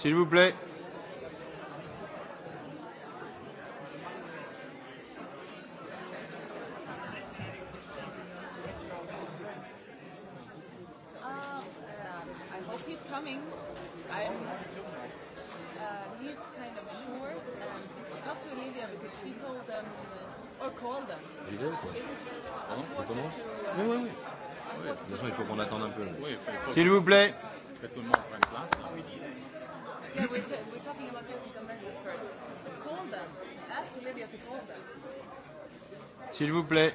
S'il vous plaît. plaît.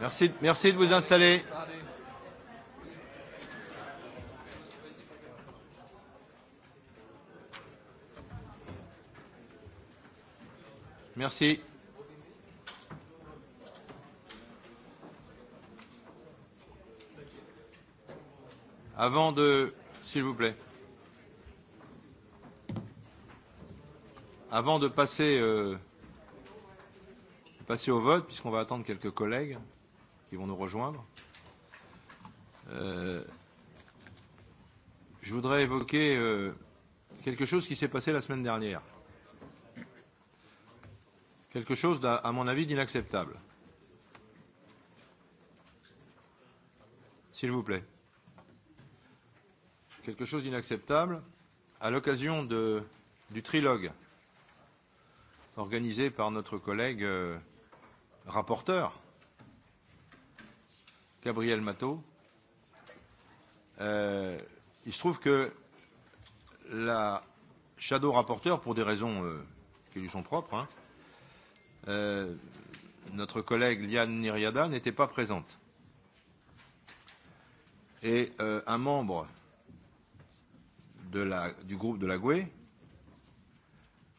Merci, merci de vous installer. Merci. Avant de... S'il vous plaît. Avant de passer, euh, de passer au vote, puisqu'on va attendre quelques collègues qui vont nous rejoindre, euh, je voudrais évoquer euh, quelque chose qui s'est passé la semaine dernière. Quelque chose, à mon avis, d'inacceptable. S'il vous plaît. Quelque chose d'inacceptable à l'occasion du trilogue organisé par notre collègue euh, rapporteur, Gabriel Matteau. Euh, il se trouve que la shadow rapporteur, pour des raisons euh, qui lui sont propres, hein, euh, notre collègue Liane Niriada n'était pas présente. Et euh, un membre de la, du groupe de la GUE euh,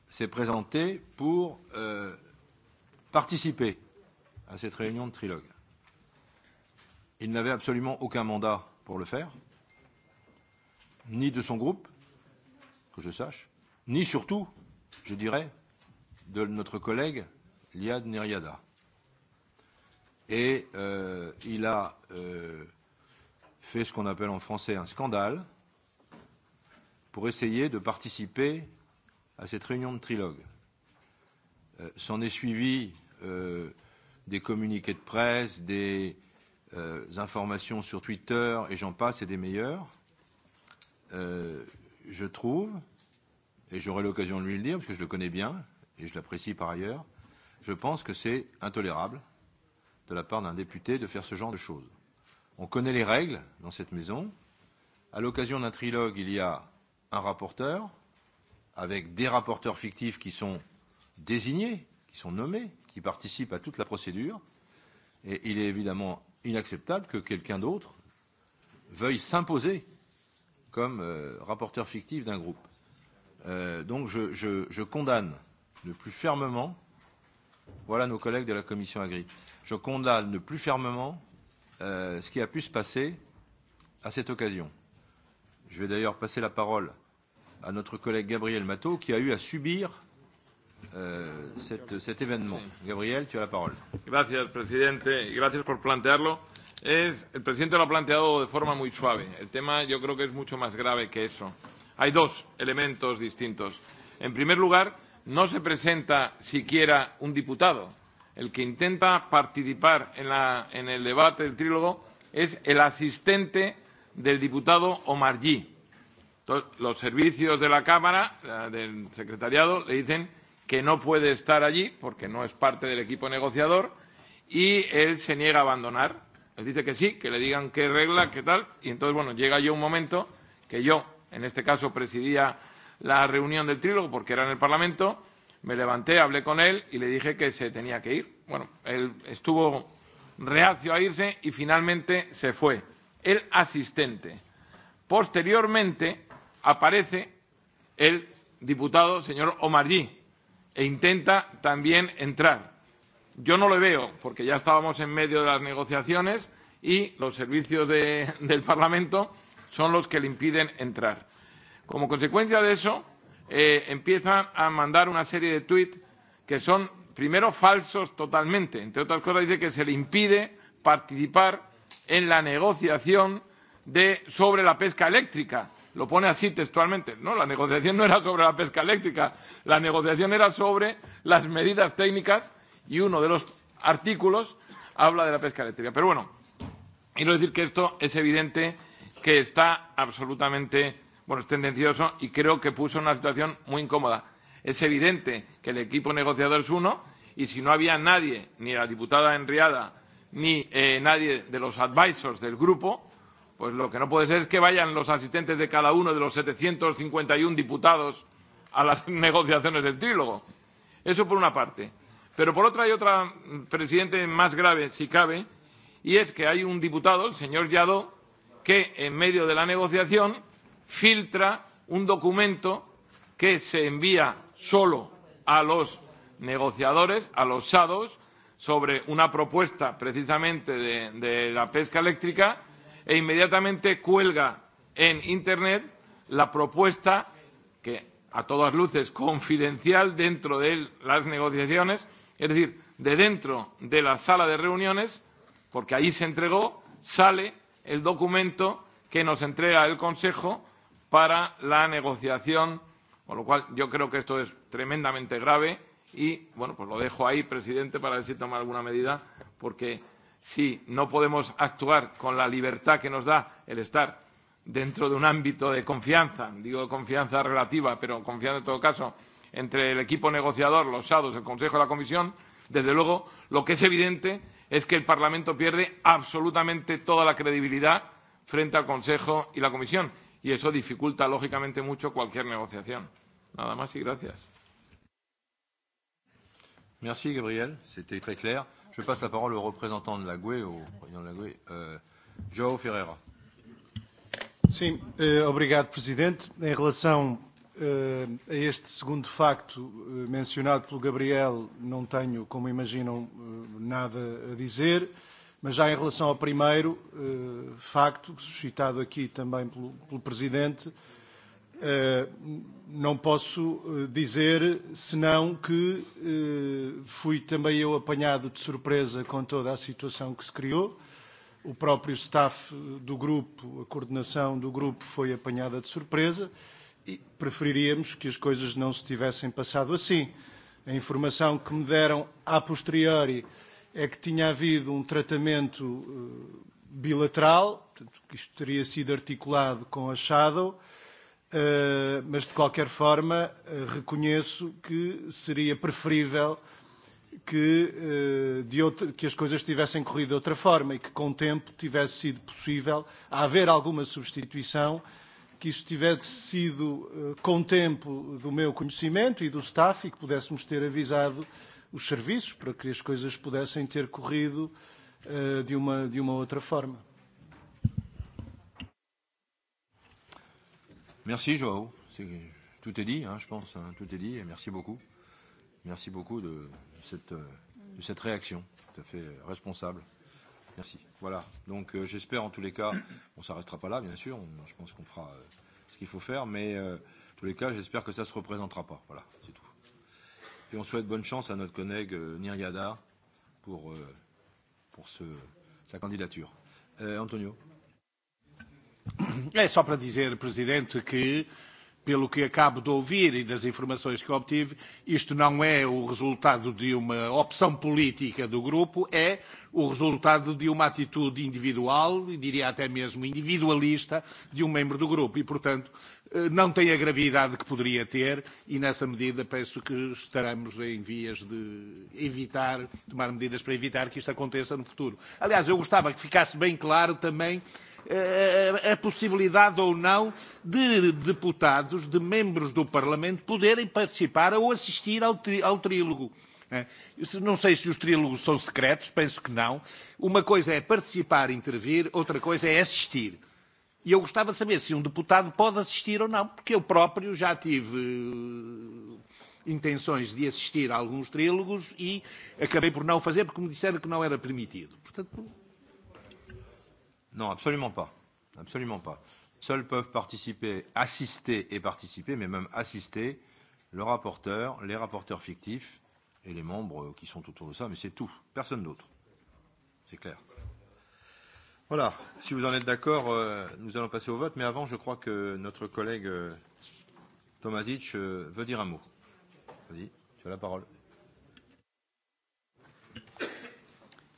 s'est présenté pour euh, participer à cette réunion de trilogue. Il n'avait absolument aucun mandat pour le faire, ni de son groupe, que je sache, ni surtout, je dirais, de notre collègue Liad Neriada. Et euh, il a euh, fait ce qu'on appelle en français un scandale pour essayer de participer à cette réunion de trilogue. Euh, S'en est suivi euh, des communiqués de presse, des euh, informations sur Twitter, et j'en passe, et des meilleurs. Euh, je trouve, et j'aurai l'occasion de lui le dire, parce que je le connais bien, et je l'apprécie par ailleurs, je pense que c'est intolérable de la part d'un député de faire ce genre de choses. On connaît les règles dans cette maison. À l'occasion d'un trilogue, il y a un rapporteur, avec des rapporteurs fictifs qui sont désignés, qui sont nommés, qui participent à toute la procédure. Et il est évidemment inacceptable que quelqu'un d'autre veuille s'imposer comme euh, rapporteur fictif d'un groupe. Euh, donc je, je, je condamne le plus fermement, voilà nos collègues de la commission agri, je condamne le plus fermement euh, ce qui a pu se passer à cette occasion. Je vais d'ailleurs passer la parole à notre collègue Gabriel Matteau qui a eu à subir eh, cet, cet événement. Gabriel, tu as la parole. Merci, presidente. merci por plantearlo. Es, el presidente lo ha planteado de forma muy suave. El tema yo creo que es mucho más grave que eso. Hay dos elementos distintos. En primer lugar, no se presenta siquiera un diputado. El que intenta participar en, la, en el debate del trílogo es el asistente del diputado Omarjee Entonces, los servicios de la Cámara, eh, del secretariado, le dicen que no puede estar allí porque no es parte del equipo negociador y él se niega a abandonar. Él dice que sí, que le digan qué regla, qué tal. Y entonces, bueno, llega yo un momento que yo, en este caso, presidía la reunión del trílogo porque era en el Parlamento, me levanté, hablé con él y le dije que se tenía que ir. Bueno, él estuvo reacio a irse y finalmente se fue. El asistente. Posteriormente, aparece el diputado señor Omarjee e intenta también entrar. Yo no lo veo porque ya estábamos en medio de las negociaciones y los servicios de, del Parlamento son los que le impiden entrar. Como consecuencia de eso, eh, empiezan a mandar una serie de tuits que son, primero, falsos totalmente. Entre otras cosas, dice que se le impide participar en la negociación de, sobre la pesca eléctrica Lo pone así textualmente. No, la negociación no era sobre la pesca eléctrica, la negociación era sobre las medidas técnicas y uno de los artículos habla de la pesca eléctrica. Pero bueno, quiero decir que esto es evidente que está absolutamente, bueno, es tendencioso y creo que puso una situación muy incómoda. Es evidente que el equipo negociador es uno y si no había nadie, ni la diputada Enriada, ni eh, nadie de los advisors del grupo, Pues lo que no puede ser es que vayan los asistentes de cada uno de los 751 diputados a las negociaciones del trílogo. Eso por una parte. Pero por otra hay otra, mm, presidente, más grave, si cabe, y es que hay un diputado, el señor Yadó, que en medio de la negociación filtra un documento que se envía solo a los negociadores, a los SADOS, sobre una propuesta precisamente de, de la pesca eléctrica e inmediatamente cuelga en Internet la propuesta que a todas luces confidencial dentro de las negociaciones, es decir, de dentro de la sala de reuniones, porque ahí se entregó, sale el documento que nos entrega el Consejo para la negociación, con lo cual yo creo que esto es tremendamente grave y, bueno, pues lo dejo ahí, presidente, para ver si toma alguna medida, porque si no podemos actuar con la libertad que nos da el estar dentro de un ámbito de confianza, digo confianza relativa, pero confianza en todo caso, entre el equipo negociador, los SADOS, el Consejo y la Comisión, desde luego lo que es evidente es que el Parlamento pierde absolutamente toda la credibilidad frente al Consejo y la Comisión. Y eso dificulta, lógicamente, mucho cualquier negociación. Nada más y gracias. Merci, Gabriel. C'était très clair. Je passe la parole au représentant de la GUE, au président de la GUE, euh, João Ferreira. Sim, euh, obrigado, Presidente. Em relação euh, a este segundo facto euh, mencionado pelo Gabriel, não tenho, como imaginam, euh, nada a dizer, mas já em relação ao primeiro euh, facto, suscitado aqui também pelo, pelo Presidente, euh, Eh, não posso eh, dizer senão que eh, fui também eu apanhado de surpresa com toda a situação que se criou. O próprio staff do grupo, a coordenação do grupo foi apanhada de surpresa e preferiríamos que as coisas não se tivessem passado assim. A informação que me deram a posteriori é que tinha havido um tratamento bilateral, portanto, que isto teria sido articulado com a Shadow, Uh, mas, de qualquer forma, uh, reconheço que seria preferível que, uh, de outra, que as coisas tivessem corrido de outra forma e que, com o tempo, tivesse sido possível haver alguma substituição, que isso tivesse sido, com o tempo, do meu conhecimento e do staff e que pudéssemos ter avisado os serviços para que as coisas pudessem ter corrido de uma, de uma outra forma. Merci Joao. Est, tout est dit, hein, je pense. Hein, tout est dit. Et merci beaucoup. Merci beaucoup de cette, euh, de cette réaction tout à fait responsable. Merci. Voilà. Donc euh, j'espère en tous les cas, on ne s'arrêtera pas là, bien sûr. On, je pense qu'on fera euh, ce qu'il faut faire, mais euh, en tous les cas, j'espère que ça ne se représentera pas. Voilà, c'est tout. Et on souhaite bonne chance à notre collègue euh, Nir pour, euh, pour ce, sa candidature. Euh, Antonio. É só para dizer, Presidente, que, pelo que acabo de ouvir e das informações que obtive, isto não é o resultado de uma opção política do grupo, é o resultado de uma atitude individual, e diria até mesmo individualista, de um membro do grupo. E, portanto, Eh, não tem a gravidade que poderia ter e, nessa medida, penso que estaremos em vias de evitar, tomar medidas para evitar que isto aconteça no futuro. Aliás, eu gostava que ficasse bem claro também eh, a, possibilidade ou não de deputados, de membros do Parlamento, poderem participar ou assistir ao, tri, ao trílogo. Eh, não sei se os trílogos são secretos, penso que não. Uma coisa é participar, intervir, outra coisa é assistir. E eu gostava de saber se um deputado pode assistir ou não, porque eu próprio já tive eh, intenções de assistir a alguns trílogos e acabei por não fazer porque me disseram que não era permitido. Portanto... Não, absolutamente pas. Absolument pas. Seuls peuvent participer, assister et participer, mais même assister, le rapporteur, les rapporteurs fictifs et les membres qui sont autour de ça, mais c'est tout. Personne d'autre. C'est clair. Voilà, si vous en êtes d'accord, euh, nous allons passer au vote, mais avant, je crois que notre collègue euh, Tomasic euh, veut dire un mot. Vas-y, tu as la parole.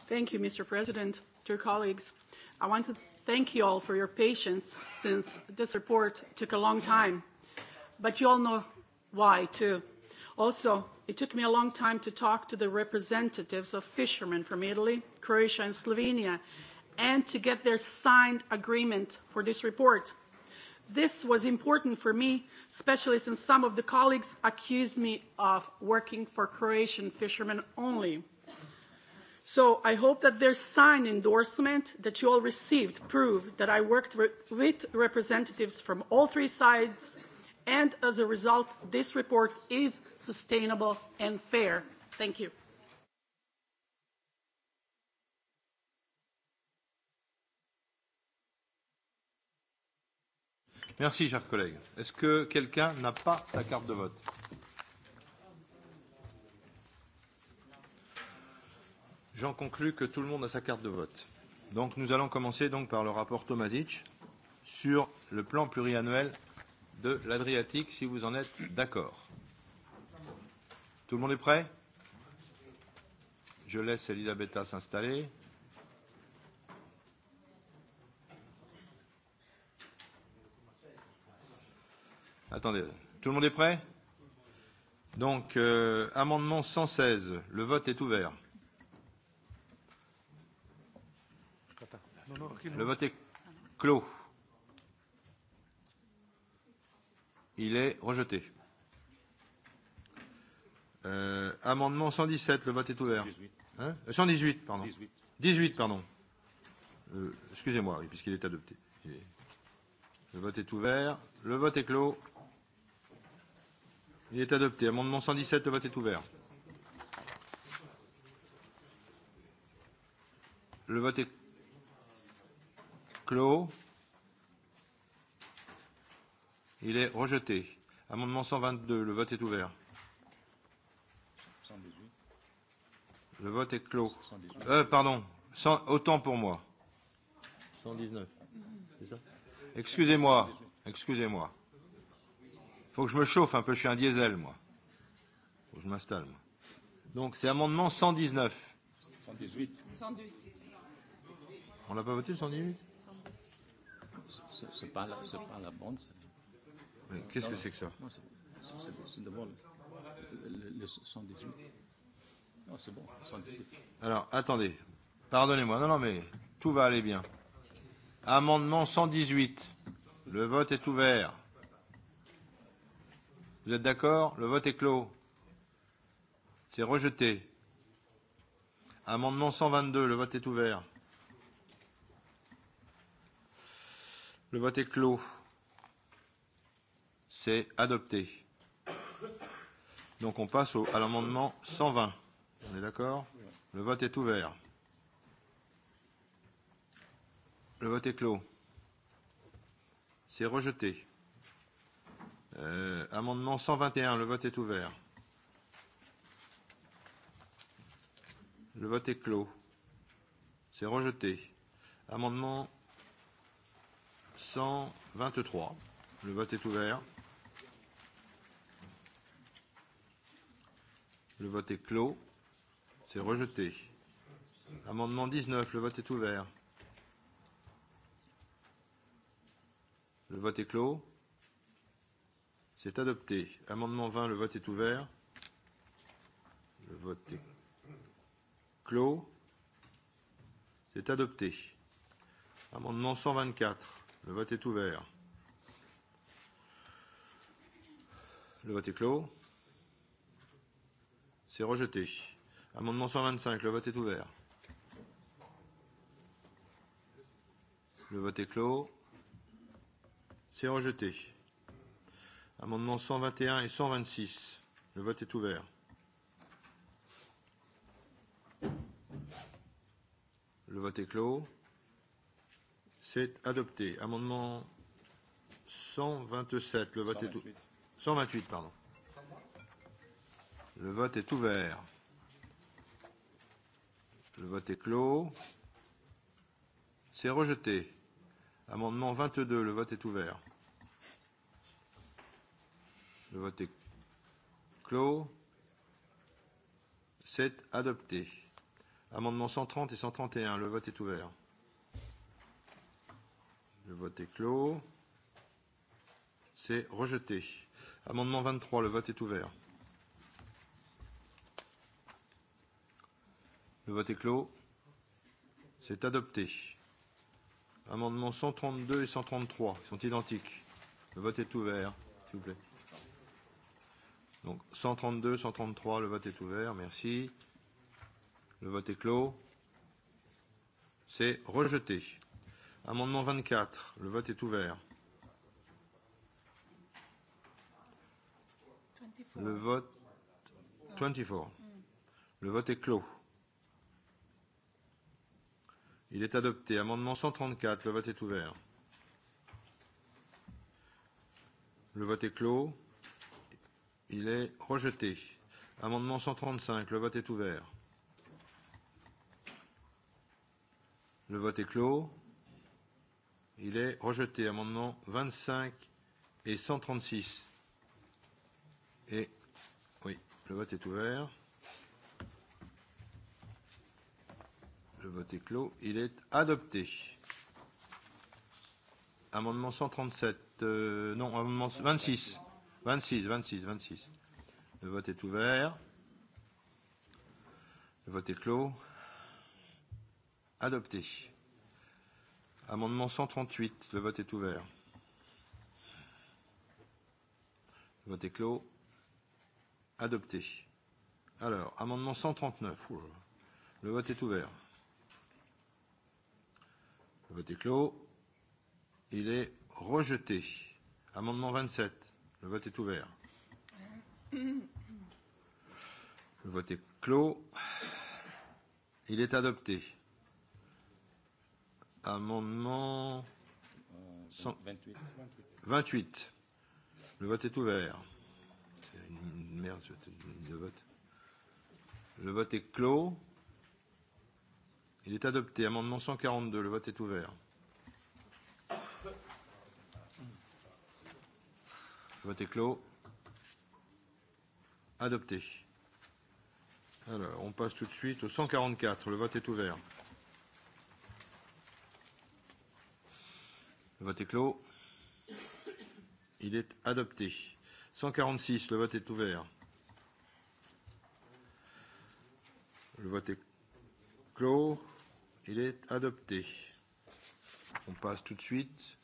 Thank you, Mr. President, dear colleagues. I want to thank you all for your patience since this report took a long time, but you all know why, too. Also, it took me a long time to talk to the representatives of fishermen from Italy, Croatia, and Slovenia and to get their signed agreement for this report. This was important for me, especially since some of the colleagues accused me of working for Croatian fishermen only. So I hope that their signed endorsement that you all received prove that I worked re with representatives from all three sides, and as a result, this report is sustainable and fair. Thank you. Merci, cher collègue. Est-ce que quelqu'un n'a pas sa carte de vote J'en conclus que tout le monde a sa carte de vote. Donc nous allons commencer donc par le rapport Tomasic sur le plan pluriannuel de l'Adriatique, si vous en êtes d'accord. Tout le monde est prêt Je laisse Elisabetta s'installer. Attendez, tout le monde est prêt Donc, euh, amendement 116, le vote est ouvert. Le vote est clos. Il est rejeté. Euh, amendement 117, le vote est ouvert. Hein 118, euh, pardon. 18, pardon. Euh, Excusez-moi, oui, puisqu'il est adopté. Le vote est ouvert. Le vote est clos. Il est adopté. Amendement 117, le vote est ouvert. Le vote est clos. Il est rejeté. Amendement 122, le vote est ouvert. Le vote est clos. Euh, pardon, Sans, autant pour moi. 119, c'est ça Excusez-moi, excusez-moi. Faut que je me chauffe un peu, je suis un diesel, moi. Faut que je m'installe, moi. Donc, c'est amendement 119. 118. 118. On l'a pas voté, le 118 C'est pas, pas la bande, ça. Qu'est-ce que c'est que ça C'est d'abord le, le 118. Non, c'est bon, 118. Alors, attendez. Pardonnez-moi. Non, non, mais tout va aller bien. Amendement 118. Le vote est ouvert. Vous êtes d'accord Le vote est clos. C'est rejeté. Amendement 122, le vote est ouvert. Le vote est clos. C'est adopté. Donc on passe au, à l'amendement 120. On est d'accord Le vote est ouvert. Le vote est clos. C'est rejeté. Euh, amendement 121, le vote est ouvert. Le vote est clos. C'est rejeté. Amendement 123. Le vote est ouvert. Le vote est clos. C'est rejeté. Amendement 19. Le vote est ouvert. Le vote est clos. C'est adopté. Amendement 20, le vote est ouvert. Le vote est clos. C'est adopté. Amendement 124. Le vote est ouvert. Le vote est clos. C'est rejeté. Amendement 125. Le vote est ouvert. Le vote est clos. C'est rejeté. Amendements 121 et 126. Le vote est ouvert. Le vote est clos. C'est adopté. Amendement 127. Le vote 128. est 128, pardon. Le vote est ouvert. Le vote est clos. C'est rejeté. Amendement 22. Le vote est ouvert. Le vote est clos. C'est adopté. Amendements 130 et 131. Le vote est ouvert. Le vote est clos. C'est rejeté. Amendement 23. Le vote est ouvert. Le vote est clos. C'est adopté. Amendements 132 et 133 sont identiques. Le vote est ouvert, s'il vous plaît. Donc 132, 133, le vote est ouvert, merci. Le vote est clos. C'est rejeté. Amendement 24, le vote est ouvert. Le vote 24. Hmm. Le vote est clos. Il est adopté. Amendement 134, le vote est ouvert. Le vote est clos. Il est rejeté. Amendement 135. Le vote est ouvert. Le vote est clos. Il est rejeté. Amendement 25 et 136. Et oui, le vote est ouvert. Le vote est clos. Il est adopté. Amendement 137. Euh, non, amendement 26. 26, 26, 26. Le vote est ouvert. Le vote est clos. Adopté. Amendement 138. Le vote est ouvert. Le vote est clos. Adopté. Alors, amendement 139. Ouh. Le vote est ouvert. Le vote est clos. Il est rejeté. Amendement 27. Le vote est ouvert. Le vote est clos. Il est adopté. Amendement 100... 28. Le vote est ouvert. merde vote. Le vote est clos. Il est adopté. Amendement 142. Le vote est ouvert. vote est clos. Adopté. Alors, on passe tout de suite au 144. Le vote est ouvert. Le vote est clos. Il est adopté. 146. Le vote est ouvert. Le vote est clos. Il est adopté. On passe tout de suite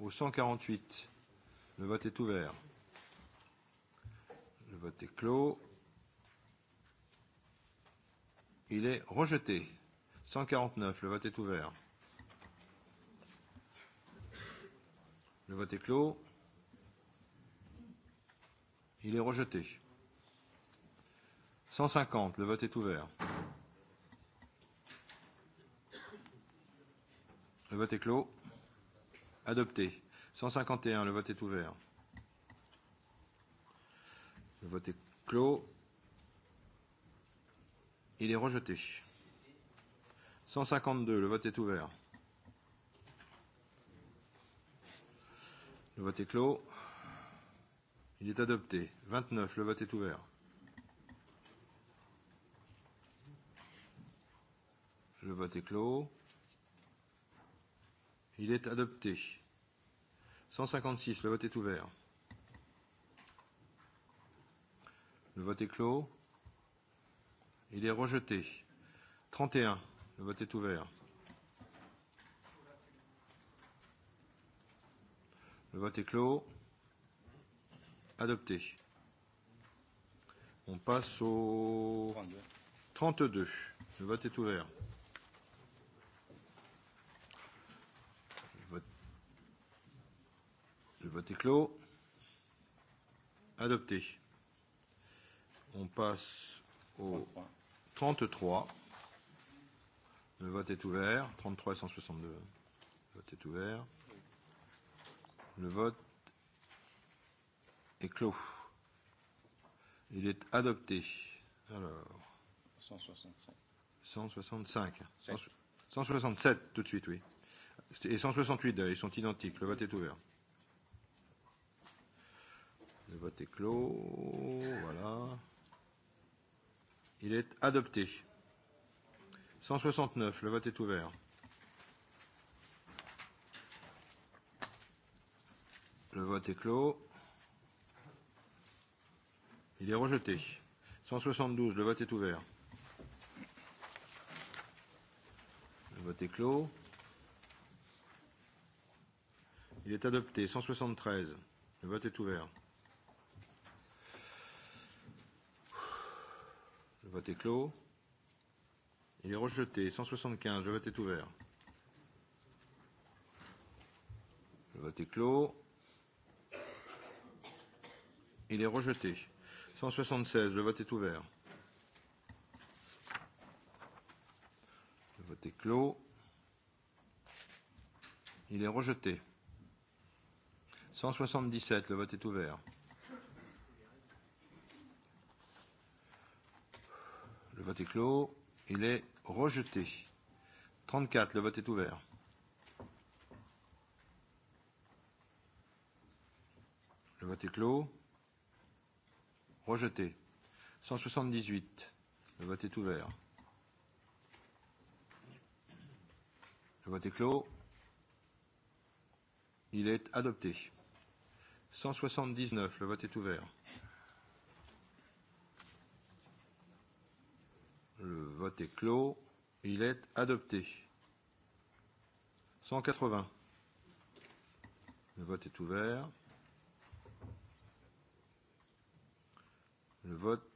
au 148. Le vote est ouvert. Le vote est clos. Il est rejeté. 149. Le vote est ouvert. Le vote est clos. Il est rejeté. 150. Le vote est ouvert. Le vote est clos. Adopté. 151, le vote est ouvert. Le vote est clos. Il est rejeté. 152, le vote est ouvert. Le vote est clos. Il est adopté. 29, le vote est ouvert. Le vote est clos. Il est adopté. 156, le vote est ouvert. Le vote est clos. Il est rejeté. 31. Le vote est ouvert. Le vote est clos. Adopté. On passe au 32. 32. Le vote est ouvert. vote est clos. Adopté. On passe au 33. Le vote est ouvert. 33 et 162. Le vote est ouvert. Le vote est clos. Il est adopté. Alors. 165. 165. 167 tout de suite, oui. Et 168, ils sont identiques. Le vote est ouvert. Le vote est clos. Voilà. Il est adopté. 169. Le vote est ouvert. Le vote est clos. Il est rejeté. 172. Le vote est ouvert. Le vote est clos. Il est adopté. 173. Le vote est ouvert. vote est clos. Il est rejeté. 175, le vote est ouvert. Le vote est clos. Il est rejeté. 176, le vote est ouvert. Le vote est clos. Il est rejeté. 177, le vote est ouvert. Le vote est clos. Il est rejeté. 34. Le vote est ouvert. Le vote est clos. Rejeté. 178. Le vote est ouvert. Le vote est clos. Il est adopté. 179. Le vote est ouvert. Le vote est clos. Il est adopté. 180. Le vote est ouvert. Le vote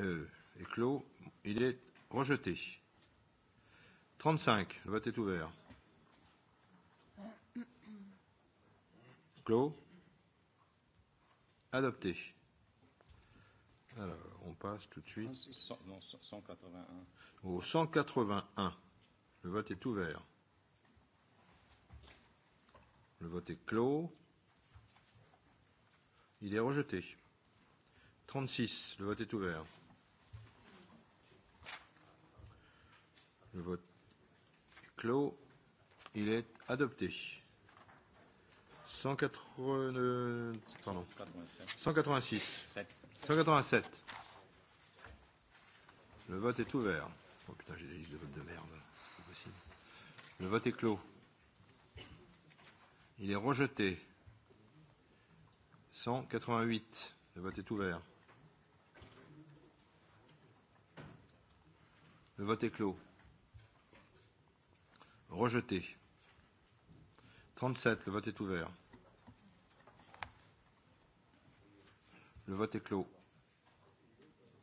euh, est clos. Il est rejeté. 35. Le vote est ouvert. Clos. Adopté. Alors, on passe tout de suite 100, non, 181. au 181. Le vote est ouvert. Le vote est clos. Il est rejeté. 36. Le vote est ouvert. Le vote est clos. Il est adopté. 180, pardon, 186. 187. Le vote est ouvert. Oh putain, j'ai des listes de vote de merde. C'est pas possible. Le vote est clos. Il est rejeté. 188. Le vote est ouvert. Le vote est clos. Rejeté. 37. Le vote est ouvert. Le vote est clos.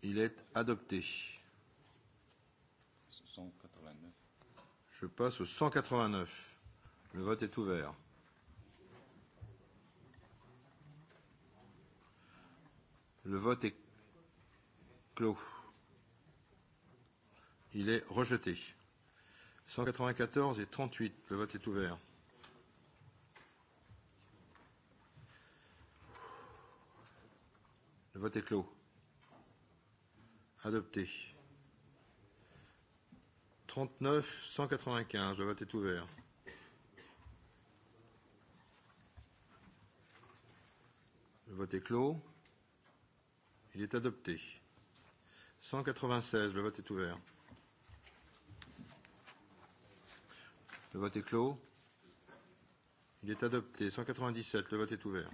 Il est adopté. Je passe au 189. Le vote est ouvert. Le vote est clos. Il est rejeté. 194 et 38. Le vote est ouvert. Le vote est clos. Adopté. 39 195, le vote est ouvert. Le vote est clos. Il est adopté. 196, le vote est ouvert. Le vote est clos. Il est adopté. 197, le vote est ouvert.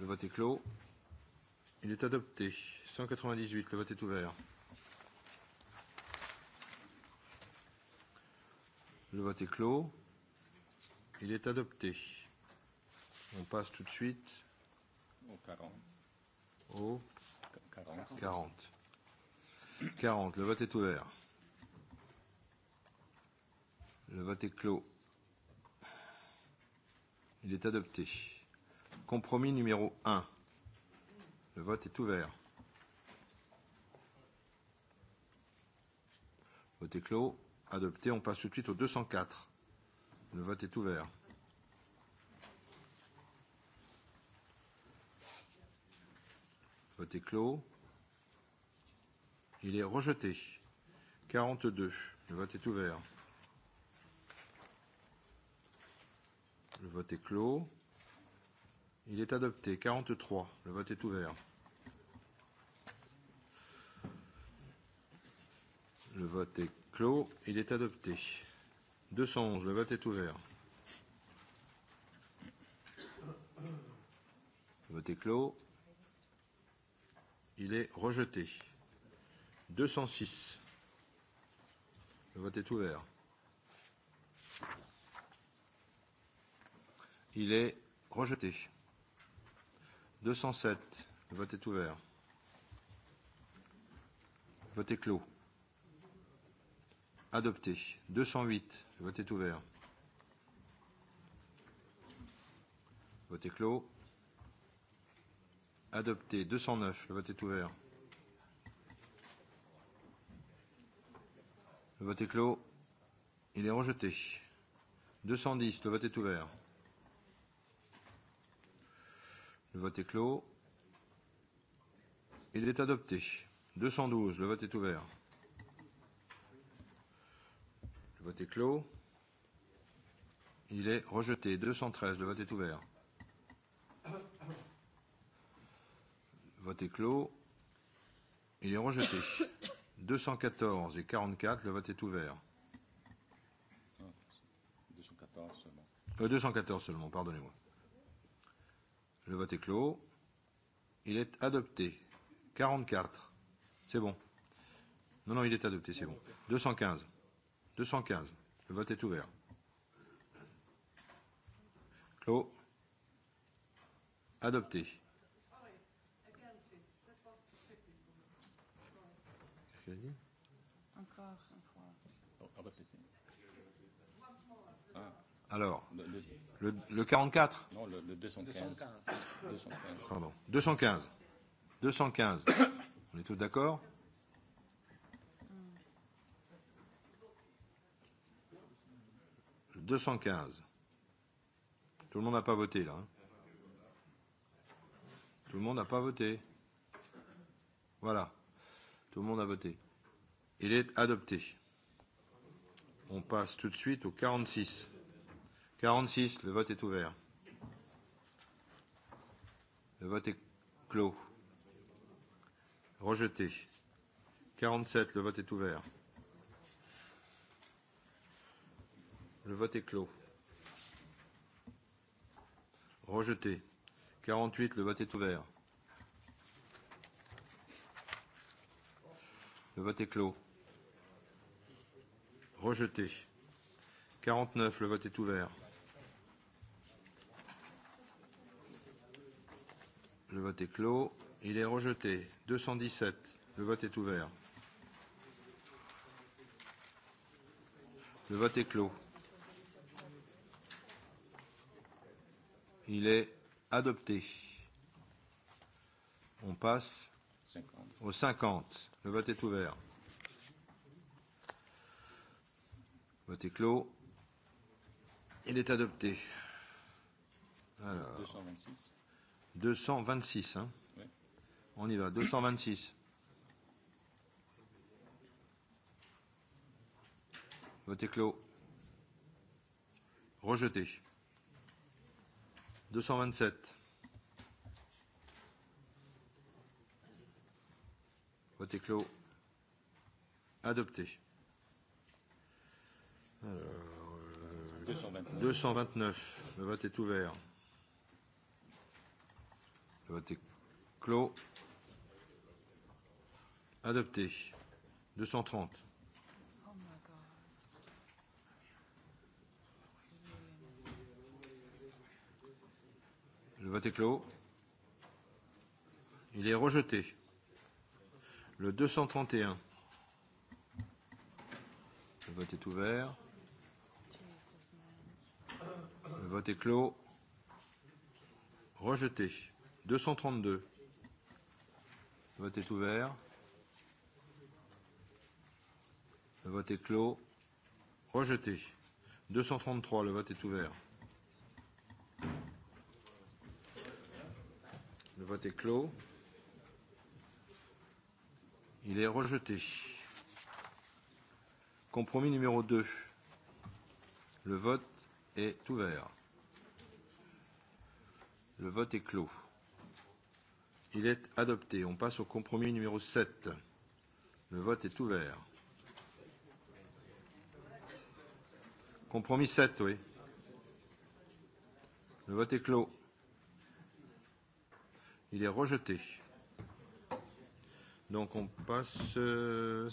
Le vote est clos. Il est adopté. 198, le vote est ouvert. Le vote est clos. Il est adopté. On passe tout de suite au 40. Au 40. 40. 40. Le vote est ouvert. Le vote est clos. Il est adopté. Compromis numéro 1. Le vote est ouvert. Vote est clos. Adopté. On passe tout de suite au 204. Le vote est ouvert. Vote est clos. Il est rejeté. 42. Le vote est ouvert. Le vote est clos. Il est adopté. 43. Le vote est ouvert. Le vote est clos. Il est adopté. 211. Le vote est ouvert. Le vote est clos. Il est rejeté. 206. Le vote est ouvert. Il est rejeté. 207. Le vote est ouvert. Le vote est clos. Adopté. 208. Le vote est ouvert. Le vote est clos. Adopté. 209. Le vote est ouvert. Le vote est clos. Il est rejeté. 210. Le vote est ouvert. Le vote est clos. Il est adopté. 212. Le vote est ouvert. vote est clos. Il est rejeté. 213, le vote est ouvert. Vote est clos. Il est rejeté. 214 et 44, le vote est ouvert. 214 seulement. Euh, 214 seulement, pardonnez-moi. Le vote est clos. Il est adopté. 44. C'est bon. Non, non, il est adopté, c'est bon. 215. 215. Le vote est ouvert. Clos. Adopté. Oh, ah ah. Alors, le, le 44 Non, le, le 215. 215. Pardon. 215. 215. On est tous d'accord 215. Tout le monde n'a pas voté là. Hein Tout le monde n'a pas voté. Voilà. Tout le monde a voté. Il est adopté. On passe tout de suite au 46. 46, le vote est ouvert. Le vote est clos. Rejeté. 47, le vote est ouvert. Le vote est clos. Rejeté. 48, le vote est ouvert. Le vote est clos. Rejeté. 49, le vote est ouvert. Le vote est clos. Il est rejeté. 217, le vote est ouvert. Le vote est clos. Il est adopté. On passe 50. au 50. Le vote est ouvert. Le vote est clos. Il est adopté. Alors, 226. 226, hein. Oui. On y va. 226. Vote est clos. Rejeté. 227. Vote est clos. Adopté. Alors, euh, 229. 229. Le vote est ouvert. Le vote est clos. Adopté. 230. Le vote est clos. Il est rejeté. Le 231. Le vote est ouvert. Le vote est clos. Rejeté. 232. Le vote est ouvert. Le vote est clos. Rejeté. 233. Le vote est ouvert. vote est clos. Il est rejeté. Compromis numéro 2. Le vote est ouvert. Le vote est clos. Il est adopté. On passe au compromis numéro 7. Le vote est ouvert. Compromis 7, oui. Le vote est clos. Il est rejeté. Donc on passe 153. Euh,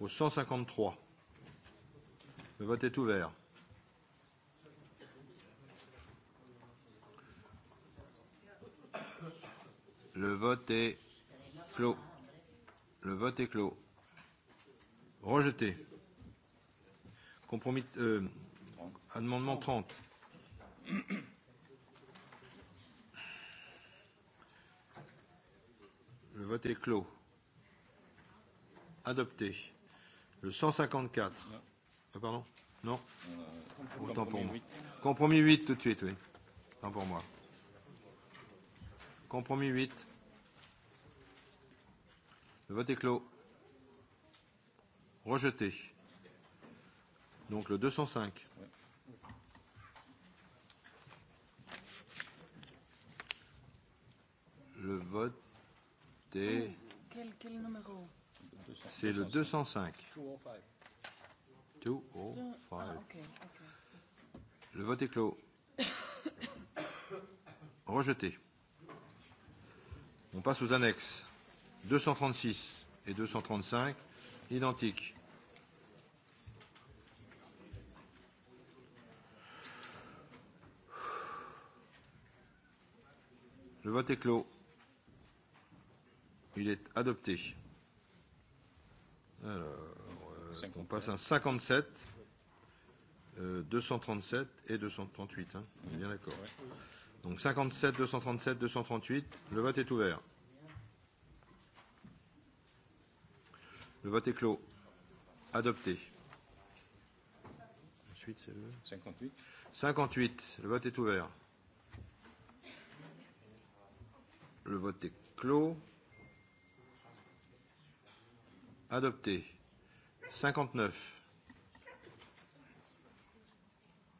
au 153. Le vote est ouvert. Le vote est clos. Le vote est clos. Rejeté. Compromis. Euh, amendement 30. vote est clos. Adopté. Le 154. Non. Ah, pardon Non euh, Autant pour moi. 8. Compromis 8 tout de suite, oui. Autant pour moi. Compromis 8. Le vote est clos. Rejeté. Donc le 205. Ouais. Le vote adopté. Ah, quel, quel numéro C'est le 205. 205. 205. Ah, okay, okay. Le vote est clos. Rejeté. On passe aux annexes. 236 et 235, identiques. Le vote est clos. Il est adopté. Alors, euh, 57. on passe à 57, euh, 237 et 238. Hein. On est bien d'accord. Donc 57, 237, 238. Le vote est ouvert. Le vote est clos. Adopté. Ensuite, c'est le 58. 58. Le vote est ouvert. Le vote est clos. Adopté. 59.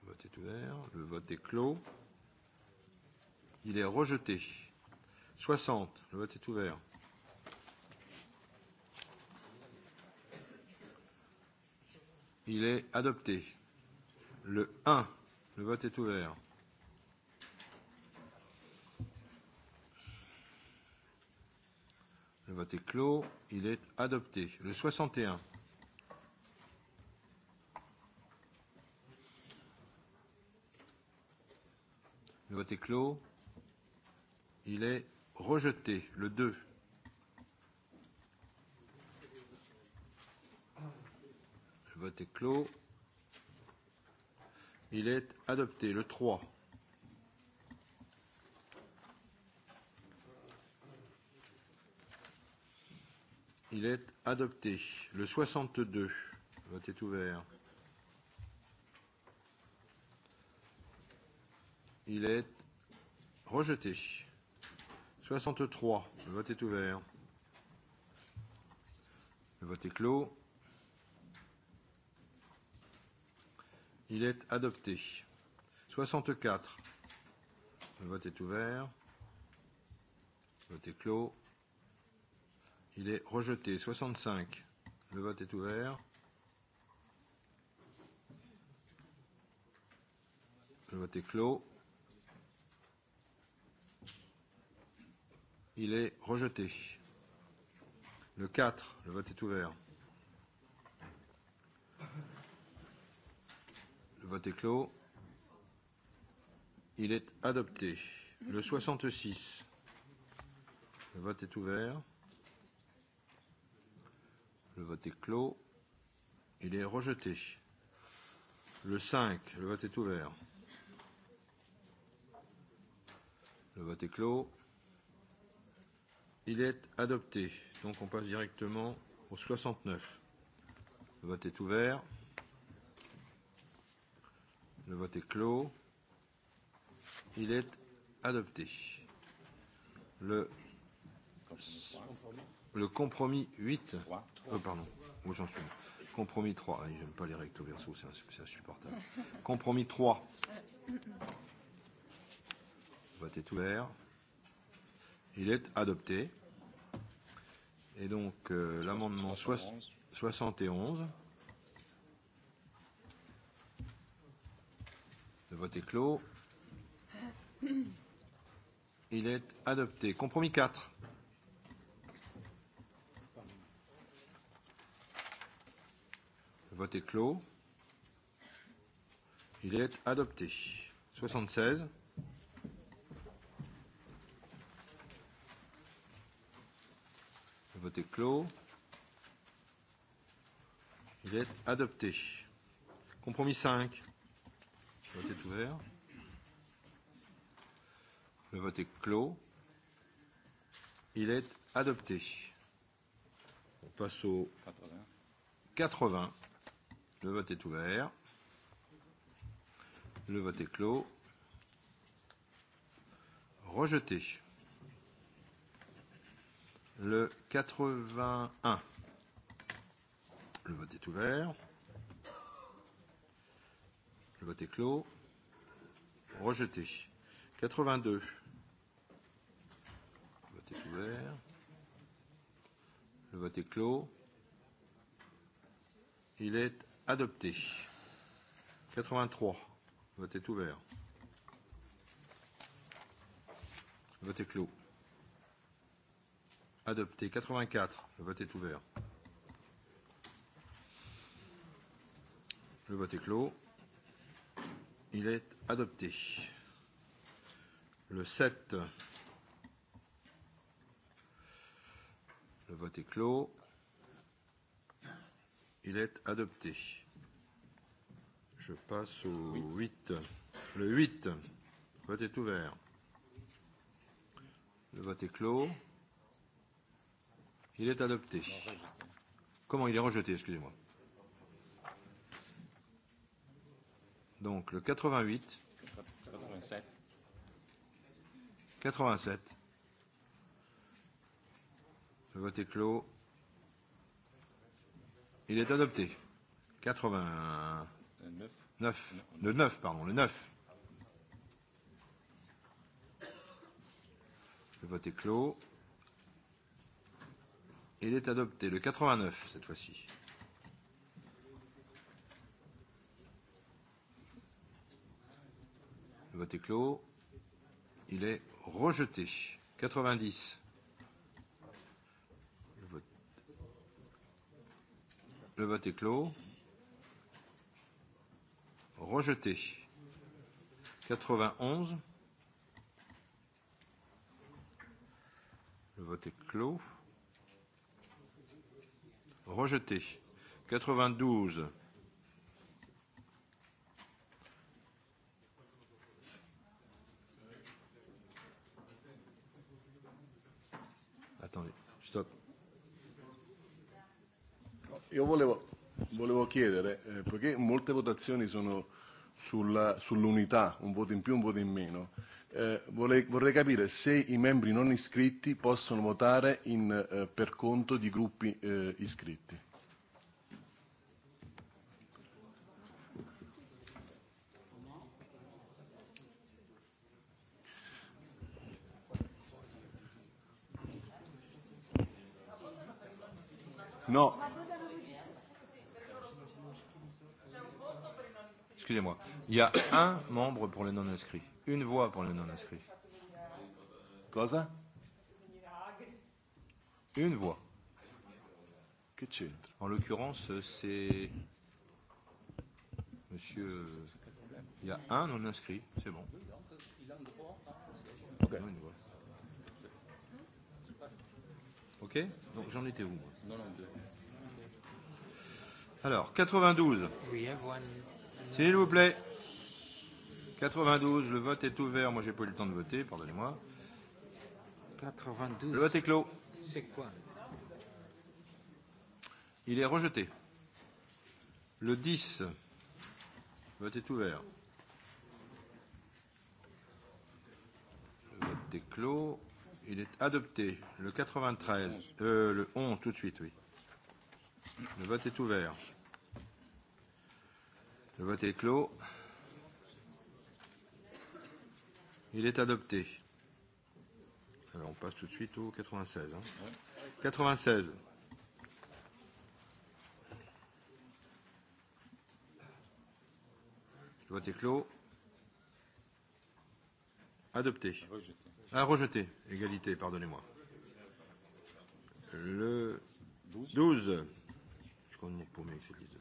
Le vote est ouvert. Le vote est clos. Il est rejeté. 60. Le vote est ouvert. Il est adopté. Le 1. Le vote est ouvert. vote est clos. Il est adopté. Le 61. Le vote est clos. Il est rejeté. Le 2. Le vote est clos. Il est adopté. Le 3. Il est adopté. Le 62. Le vote est ouvert. Il est rejeté. 63. Le vote est ouvert. Le vote est clos. Il est adopté. 64. Le vote est ouvert. Le vote est clos. Il est rejeté. 65. Le vote est ouvert. Le vote est clos. Il est rejeté. Le 4, le vote est ouvert. Le vote est clos. Il est adopté. Le 66, le vote est ouvert. Le vote est clos. Il est rejeté. Le 5, le vote est ouvert. Le vote est clos. Il est adopté. Donc on passe directement au 69. Le vote est ouvert. Le vote est clos. Il est adopté. Le le compromis 8. 3, 3. Euh, pardon, où oh, j'en suis Compromis 3. Ah, J'aime pas les recto verso, c'est insupportable. compromis 3. Le vote est ouvert. Il est adopté. Et donc, euh, l'amendement 71. Le vote est clos. Il est adopté. Compromis 4. vote est clos. Il est adopté. 76. Le vote est clos. Il est adopté. Compromis 5. Le vote est ouvert. Le vote est clos. Il est adopté. On passe au 80. 80. Le vote est ouvert. Le vote est clos. Rejeté. Le 81. Le vote est ouvert. Le vote est clos. Rejeté. 82. Le vote est ouvert. Le vote est clos. Il est Adopté. 83. vote est ouvert. vote est clos. Adopté. 84. Le vote est ouvert. Le vote est clos. Il est adopté. Le 7. Le vote est clos. Il est adopté. Je passe au 8. Le 8. Le vote est ouvert. Le vote est clos. Il est adopté. Comment il est rejeté, excusez-moi. Donc le 88. 87. 87. Le vote est clos. Il est adopté. 89. 9. Le 9, pardon, le 9. Le vote est clos. Il est adopté. Le 89, cette fois-ci. Le vote est clos. Il est rejeté. 90. Le vote est clos. Rejeté. 91. Le vote est clos. Rejeté. 92. io volevo, volevo chiedere, eh, perché molte votazioni sono sulla, sull'unità, un voto in più, un voto in meno, eh, vorrei, vorrei capire se i membri non iscritti possono votare in, eh, per conto di gruppi eh, iscritti. No, Excusez-moi. Il y a un membre pour le non-inscrit. Une voix pour le non-inscrit. Cosa? Une voix. Che En l'occurrence, c'est Monsieur. Il y a un non inscrit, c'est bon. Ok. Ok. Donc j'en étais où moi Alors 92. We have one. S'il vous plaît. 92, le vote est ouvert. Moi, j'ai pas eu le temps de voter, pardonnez-moi. 92. Le vote est clos. C'est quoi Il est rejeté. Le 10. Le vote est ouvert. Le vote est clos. Il est adopté. Le 93. Euh, le 11, tout de suite, oui. Le vote est ouvert. Le vote est clos. Il est adopté. Alors on passe tout de suite au 96. Hein. 96. Le vote est clos. Adopté. Ah, rejeté. Égalité, pardonnez-moi. Le 12. Je suis complètement paumé avec cette liste.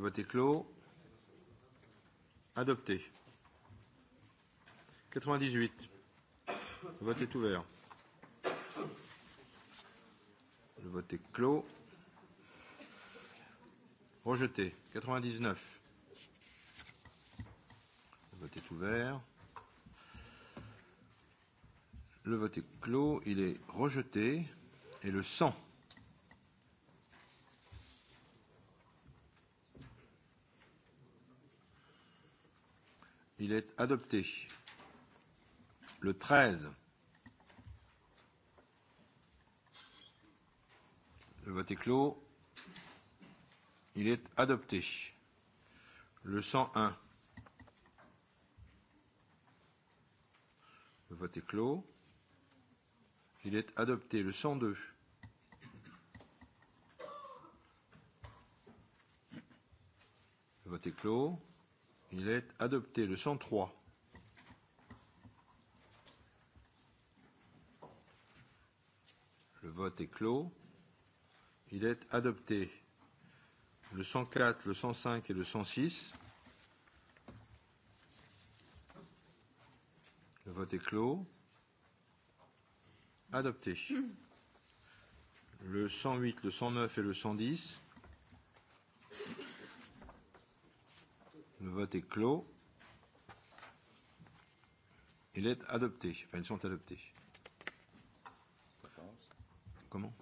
Le vote est clos. Adopté. 98. Le vote est ouvert. Le vote est clos. Rejeté. 99. Le vote est ouvert. Le vote est clos. Il est rejeté. Et le 100. Il est adopté. Le 13. Le vote est clos. Il est adopté. Le 101. Le vote est clos. Il est adopté. Le 102. Le vote est clos. Il est adopté. Le 103. Le vote est clos. Il est adopté. Le 104, le 105 et le 106. Le vote est clos. Adopté. Le 108, le 109 et le 110. Le vote est clos. Il est adopté. Enfin, ils sont adoptés. Comment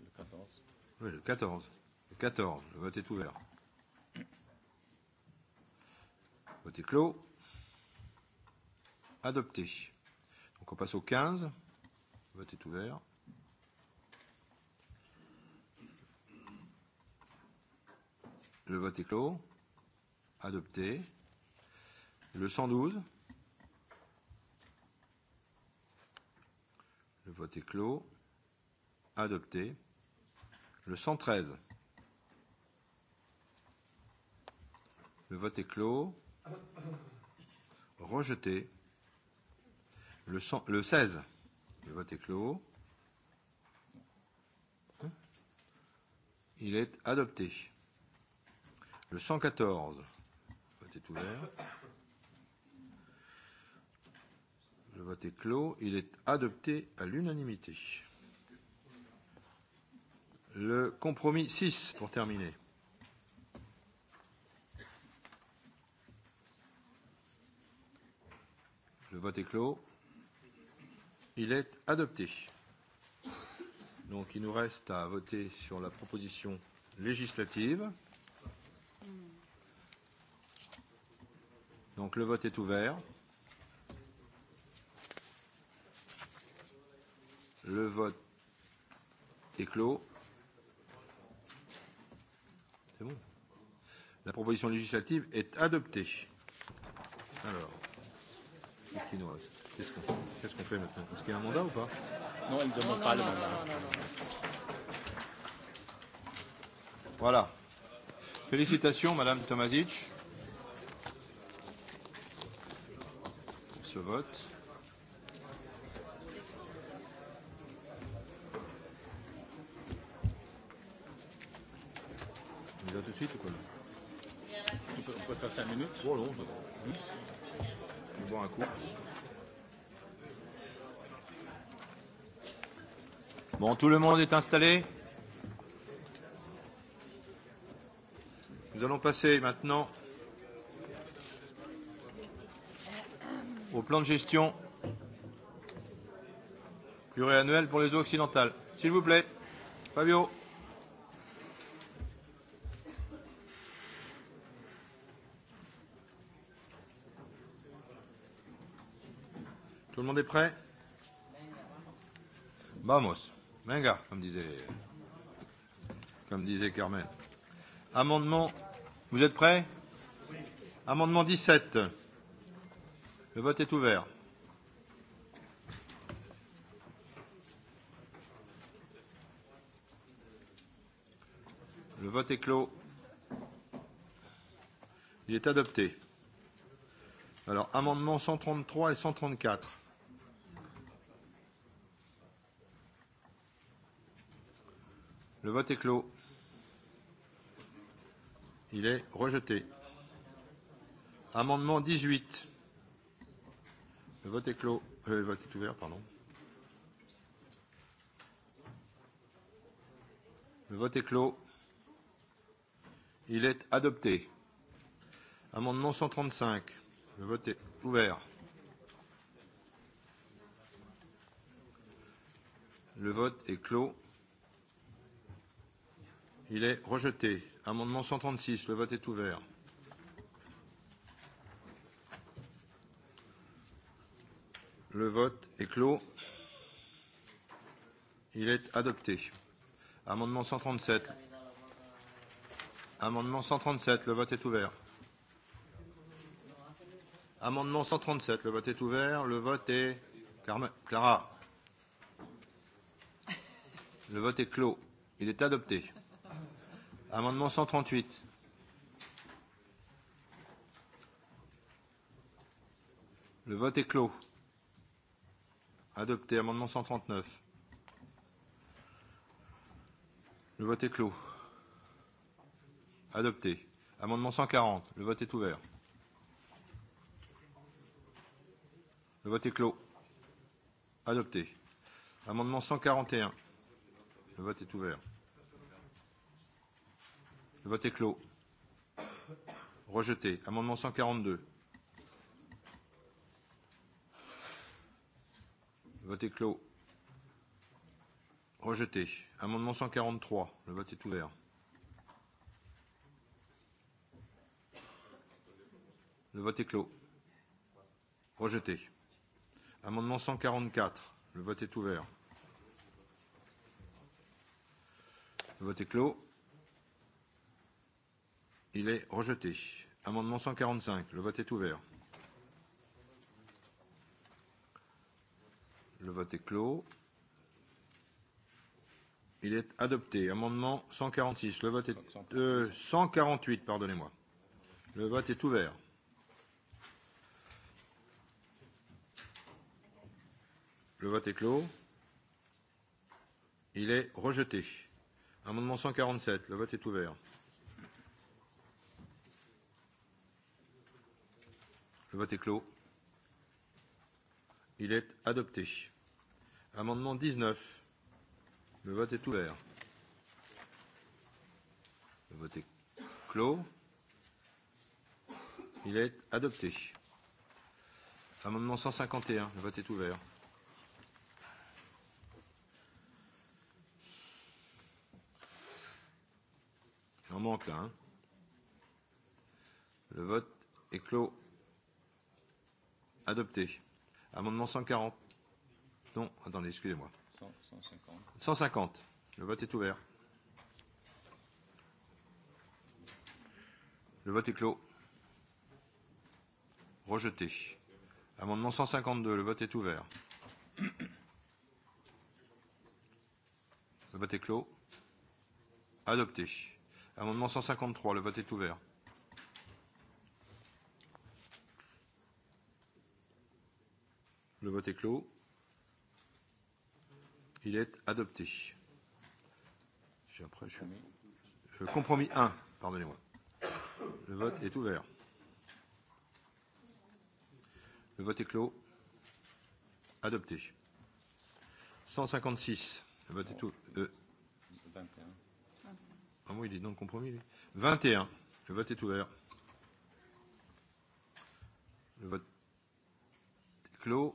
Le 14. Oui, le 14. Le 14. Le vote est ouvert. Le vote est clos. Adopté. Donc on passe au 15. Le vote est ouvert. Le vote est clos adopté. Le 112. Le vote est clos. Adopté. Le 113. Le vote est clos. Rejeté. Le, 100, le 16. Le vote est clos. Il est adopté. Le 114 est ouvert. Le vote est clos. Il est adopté à l'unanimité. Le compromis 6 pour terminer. Le vote est clos. Il est adopté. Donc il nous reste à voter sur la proposition législative. Hmm. Donc le vote est ouvert. Le vote est clos. C'est bon. La proposition législative est adoptée. Alors, les Chinoises, qu'est-ce qu'on qu qu fait maintenant Est-ce qu'il y a un mandat ou pas Non, elle ne demande pas le mandat. Non, non, non. Voilà. Félicitations, Madame Tomasic. ce vote. On y va tout de suite ou quoi on peut, faire 5 minutes Oh non, non. va. Hmm. on va boire un coup. Bon, tout le monde est installé Nous allons passer maintenant au plan de gestion pluriannuel pour les eaux occidentales. S'il vous plaît, Fabio. Tout le monde est prêt Vamos. Venga, comme disait, comme disait Carmen. Amendement, vous êtes prêts Amendement 17. Le vote est ouvert. Le vote est clos. Il est adopté. Alors, amendements 133 et 134. Le vote est clos. Il est rejeté. Amendement 18. Le vote est clos. Euh, le vote est ouvert, pardon. Le vote est clos. Il est adopté. Amendement 135. Le vote est ouvert. Le vote est clos. Il est rejeté. Amendement 136. Le vote est ouvert. Le vote est clos. Il est adopté. Amendement 137. Amendement 137, le vote est ouvert. Amendement 137, le vote est ouvert. Le vote est... Carme... Clara. Le vote est clos. Il est adopté. Amendement 138. Le vote est clos. Adopté. Amendement 139. Le vote est clos. Adopté. Amendement 140. Le vote est ouvert. Le vote est clos. Adopté. Amendement 141. Le vote est ouvert. Le vote est clos. Rejeté. Amendement 142. Vote est clos. Rejeté. Amendement 143. Le vote est ouvert. Le vote est clos. Rejeté. Amendement 144. Le vote est ouvert. Le vote est clos. Il est rejeté. Amendement 145. Le vote est ouvert. Le vote est clos. Il est adopté. Amendement 146. Le vote est euh, 148, pardonnez-moi. Le vote est ouvert. Le vote est clos. Il est rejeté. Amendement 147. Le vote est ouvert. Le vote est clos. Il est adopté. Amendement 19. Le vote est ouvert. Le vote est clos. Il est adopté. Amendement 151. Le vote est ouvert. Il en manque là. Hein. Le vote est clos. Adopté. Amendement 140. Non, attendez, excusez-moi. 150. 150. Le vote est ouvert. Le vote est clos. Rejeté. Amendement 152, le vote est ouvert. Le vote est clos. Adopté. Amendement 153, le vote est ouvert. Le vote est clos. Il est adopté. Après, je... euh, compromis 1, pardonnez-moi. Le vote est ouvert. Le vote est clos. Adopté. 156. Le vote est ouvert. Euh... Ah oui, il est dans le compromis, lui. 21. Le vote est ouvert. Le vote est clos.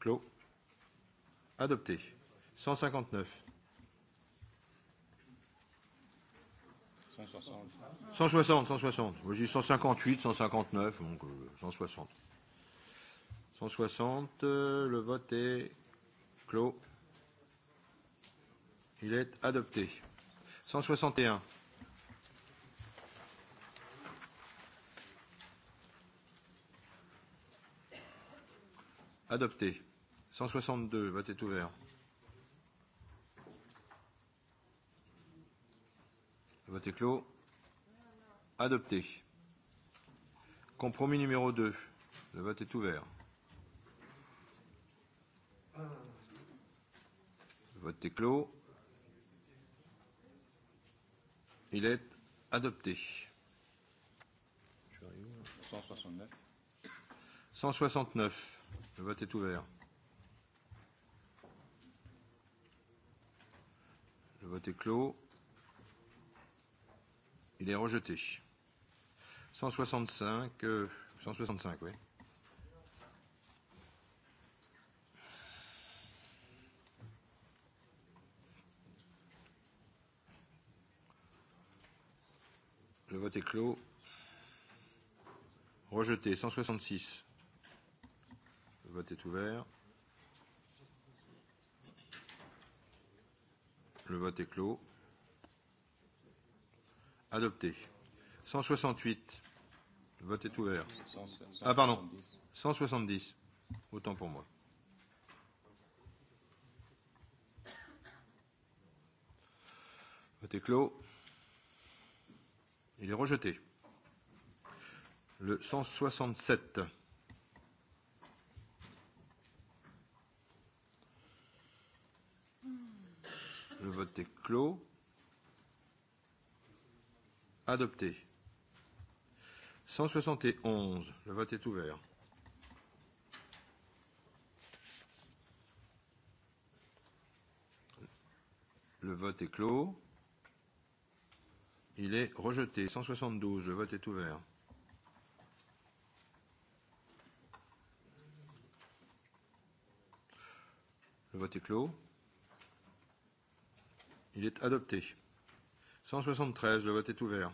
Clos. Adopté. 159. 160, 160. Moi, j'ai 158, 159, donc 160. Euh, 160, euh, le vote est clos. Il est adopté. 161. Adopté. 162, vote est ouvert. Le vote est clos. Adopté. Compromis numéro 2. Le vote est ouvert. Le vote est clos. Il est adopté. 169. 169. Le vote est ouvert. vote est clos. Il est rejeté. 165, euh, 165, oui. Le vote est clos. Rejeté. 166. Le vote est ouvert. Le vote est clos. Adopté. 168. Le vote est ouvert. Ah pardon. 170. Autant pour moi. Vote est clos. Il est rejeté. Le 167. Le vote est clos. Adopté. 171. Le vote est ouvert. Le vote est clos. Il est rejeté. 172. Le vote est ouvert. Le vote est clos. Il est adopté. 173, le vote est ouvert.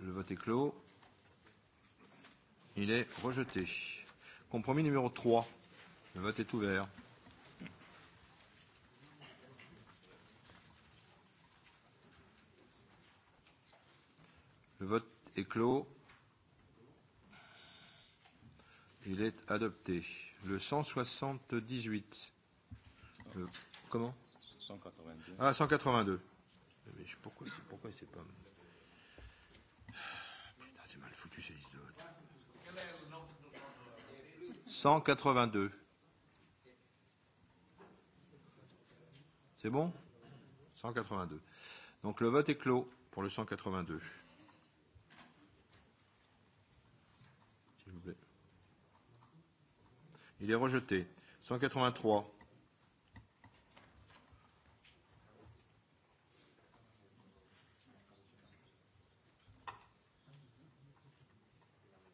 Le vote est clos. Il est rejeté. Compromis numéro 3. Le vote est ouvert. Le vote est clos. Il est adopté. Le 178. Le, euh, comment 182. Ah, 182. Mais je, pourquoi c'est pourquoi c'est pas. Putain, c'est mal foutu ces listes de vote. 182. C'est bon 182. Donc le vote est clos pour le 182. Il est rejeté. 183.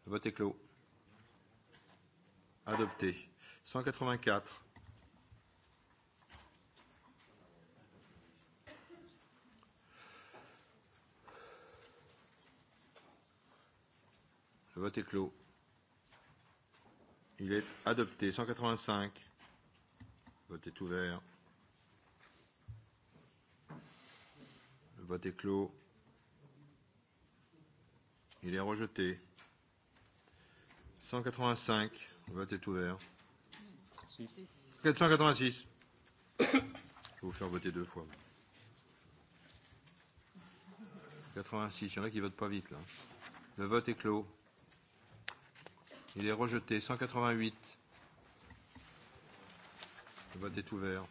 Le vote est clos. Adopté. 184. Le vote est clos. Il est adopté. 185. Le vote est ouvert. Le vote est clos. Il est rejeté. 185. Le vote est ouvert. 486. Je vais vous faire voter deux fois. 86. Il y en a qui votent pas vite là. Le vote est clos. Il est rejeté. 188. Le vote est ouvert.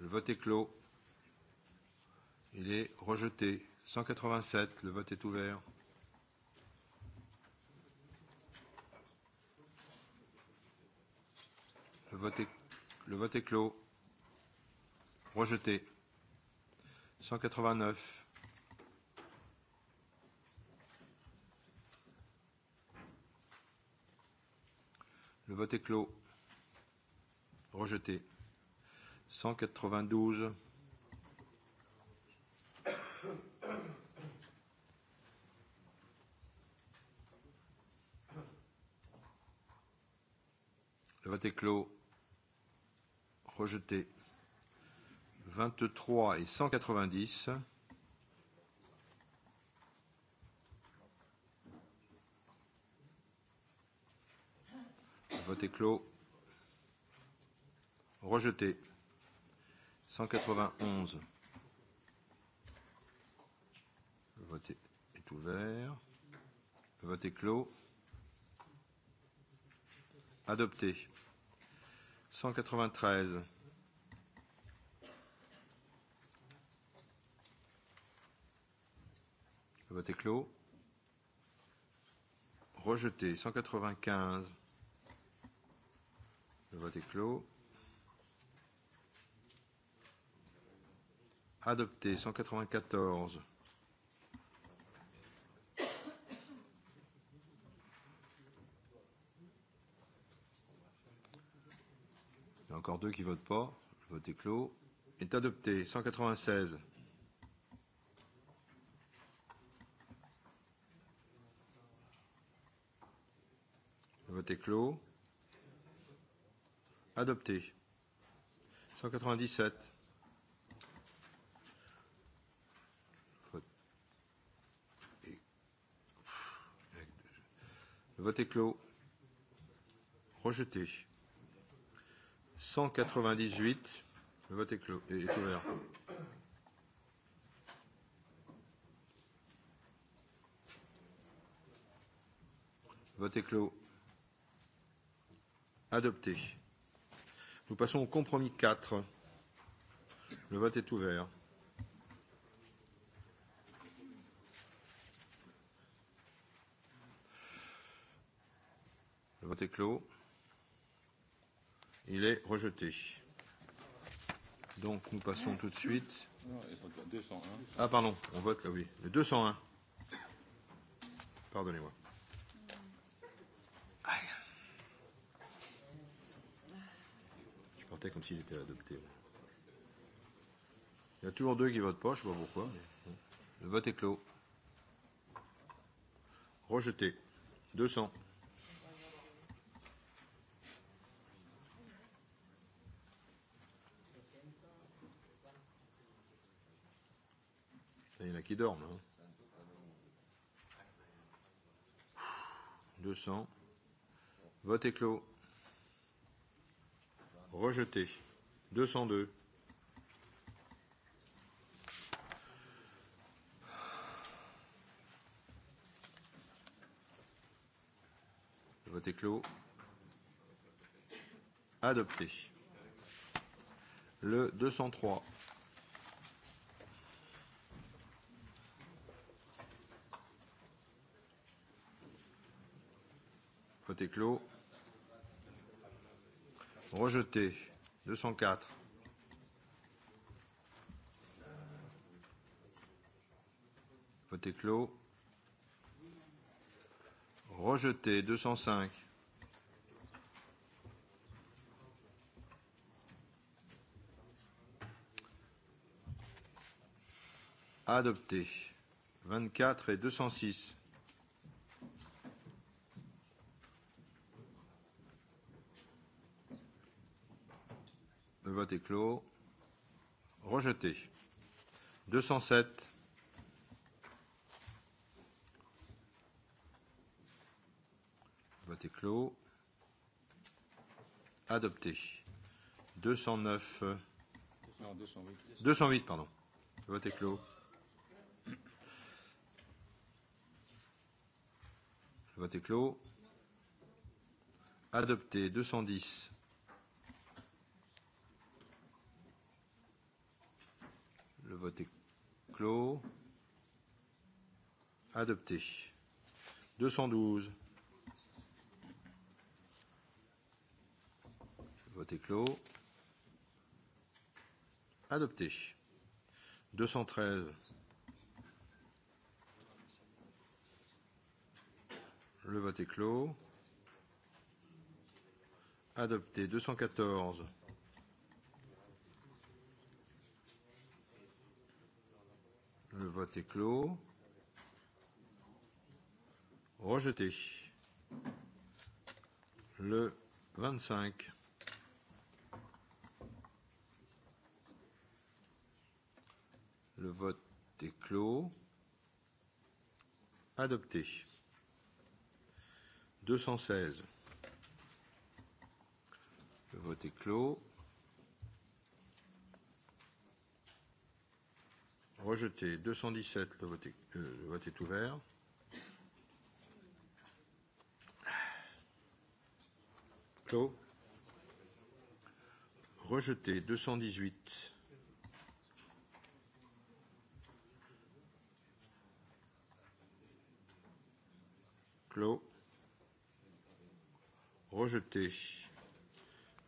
Le vote est clos. Il est rejeté. 187. Le vote est ouvert. Le vote est, le vote est clos. Rejeté. 189. Le vote est clos. Rejeté. 192. Le vote est clos. Rejeté. 23 et 190. Le vote est clos. Rejeté. 191. Le vote est ouvert. Le vote est clos. Adopté. 193. Le vote est clos. Rejeté. 195. Le vote est clos. Adopté. 194. Il y a encore deux qui votent pas. Le vote est clos. Est adopté. 196. Le vote est clos. Adopté. 197. vote est clos. Rejeté. 198. Le vote est, clos, Et est ouvert. vote est clos. Adopté. Nous passons au compromis 4. Le vote est ouvert. Le vote est clos. Il est rejeté. Donc nous passons tout de suite. Ah pardon, on vote là, oui. Le 201. Pardonnez-moi. votait comme s'il était adopté. Il y a toujours deux qui votent pas, je ne sais pas pourquoi. Le vote est clos. Rejeté. 200. Il y en a qui dorment. Hein. 200. Vote est clos rejeté. 202. Le vote est clos. Adopté. Le 203. Vote est clos. Rejeté. 204. Vote clos. Rejeté. 205. Adopté. 24 et 206. vote est clos. Rejeté. 207. Vote est clos. Adopté. 209. Non, 208. 208, pardon. Vote est clos. vote est clos. Adopté. 210. Le vote est clos. Adopté. 212. Le vote est clos. Adopté. 213. Le vote est clos. Adopté. 214. Le vote est clos. Rejeté. Le 25. Le vote est clos. Adopté. 216. Le vote est clos. rejeté. 217, le vote est, euh, le vote est ouvert. Clos. Rejeté. 218. Clos. Rejeté.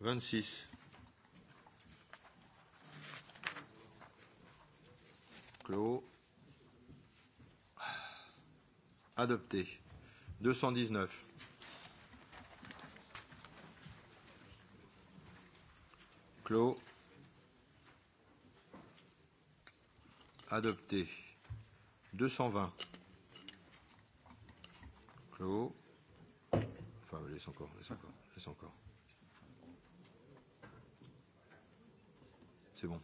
26. Clos. Adopté. 219. Clos. Adopté. 220. Clos. Enfin, laisse encore, laisse encore, laisse encore. C'est bon.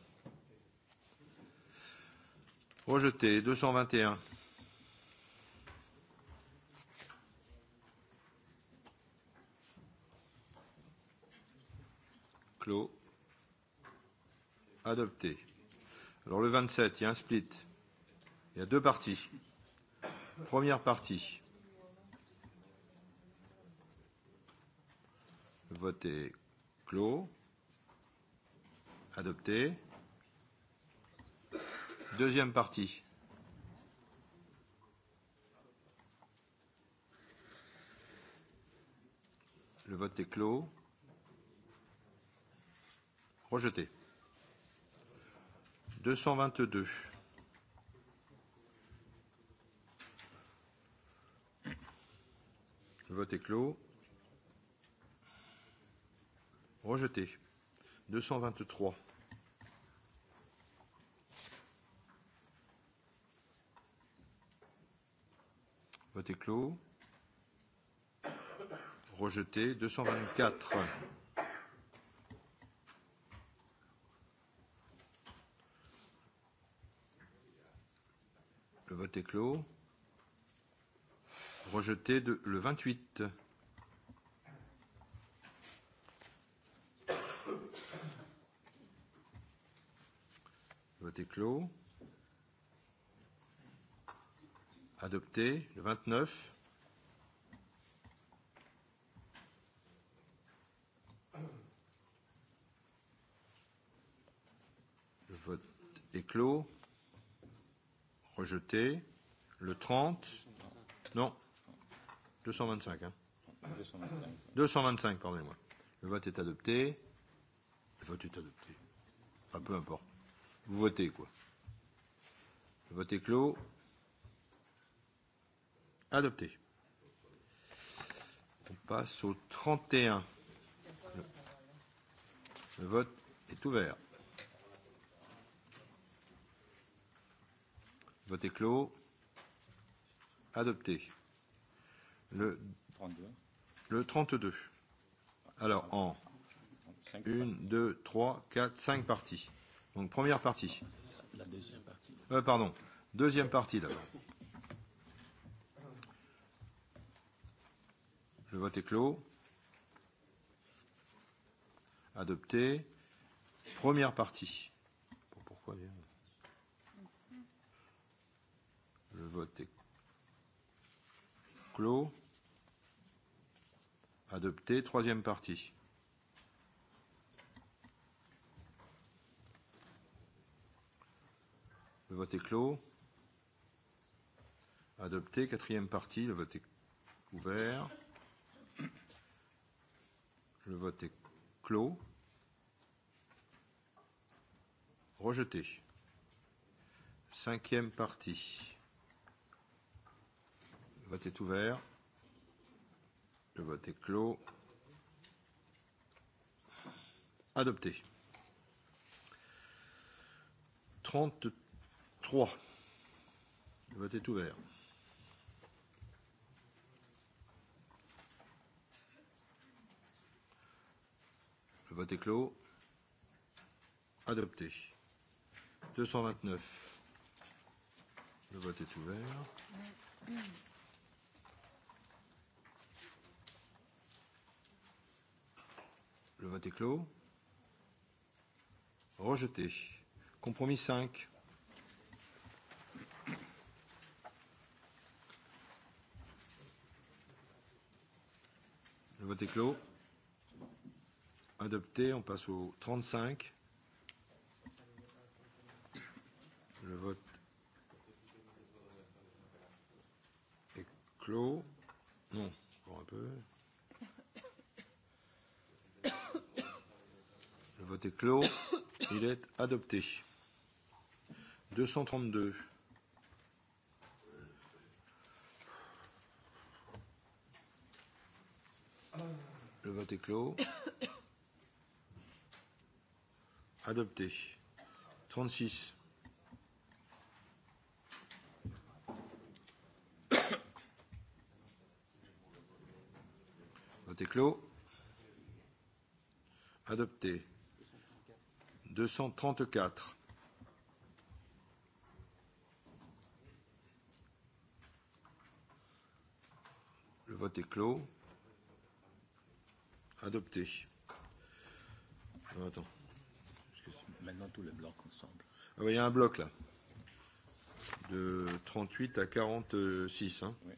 Rejeté. 221. Clos. Adopté. Alors le 27, il y a un split. Il y a deux parties. Première partie. Le vote est clos. Adopté. Deuxième partie. Le vote est clos. Rejeté. 222. Le vote est clos. Rejeté. 223. Vote est clos. Rejeté. 224. Le vote est clos. Rejeté de, le 28. Le vote est clos. adopté. Le 29. Le vote est clos. Rejeté. Le 30. Non. 225. Hein. 225. pardonnez-moi. Le vote est adopté. Le vote est adopté. Enfin, peu importe. Vous votez, quoi. Le vote est clos. Adopté. On passe au 31. Le vote est ouvert. Le vote est clos. Adopté. Le 32. Le 32. Alors en 1, 2, 3, 4, 5 parties. Donc première partie. La deuxième partie. Euh, pardon. Deuxième partie d'abord. Le vote est clos. Adopté. Première partie. Pourquoi bien Le vote est clos. Adopté. Troisième partie. Le vote est clos. Adopté. Quatrième partie. Le vote est ouvert. Le vote est clos. Rejeté. Cinquième partie. Le vote est ouvert. Le vote est clos. Adopté. 33. Le vote est ouvert. Le vote est clos. Adopté. 229. Le vote est ouvert. Le vote est clos. Rejeté. Compromis 5. Le vote est clos. Adopté. On passe au 35. Le vote est clos. Non, encore un peu. Le vote est clos. Il est adopté. 232. Le vote est clos. Adopté. 36. Vote clos. Adopté. 234. Le vote est clos. Adopté. Euh, attends maintenant tout le bloc ensemble. Ah, il y a un bloc là, de 38 à 46, hein. oui.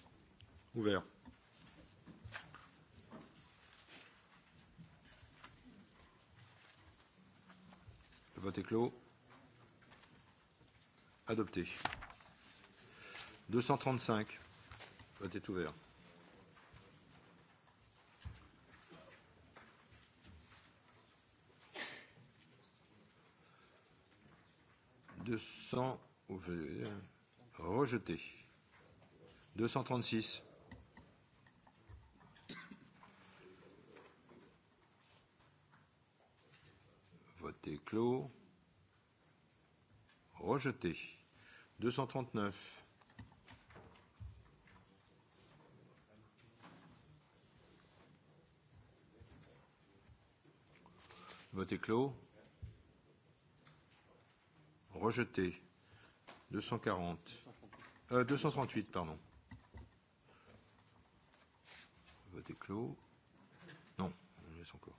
ouvert. Le vote est clos. Adopté. 235. Le vote est ouvert. 200 rejeté. 236. Voté est clos. Rejeté. 239. Voté est clos. Rejeté. 240. Euh, 238, pardon. Le vote est clos. Non, on laisse encore.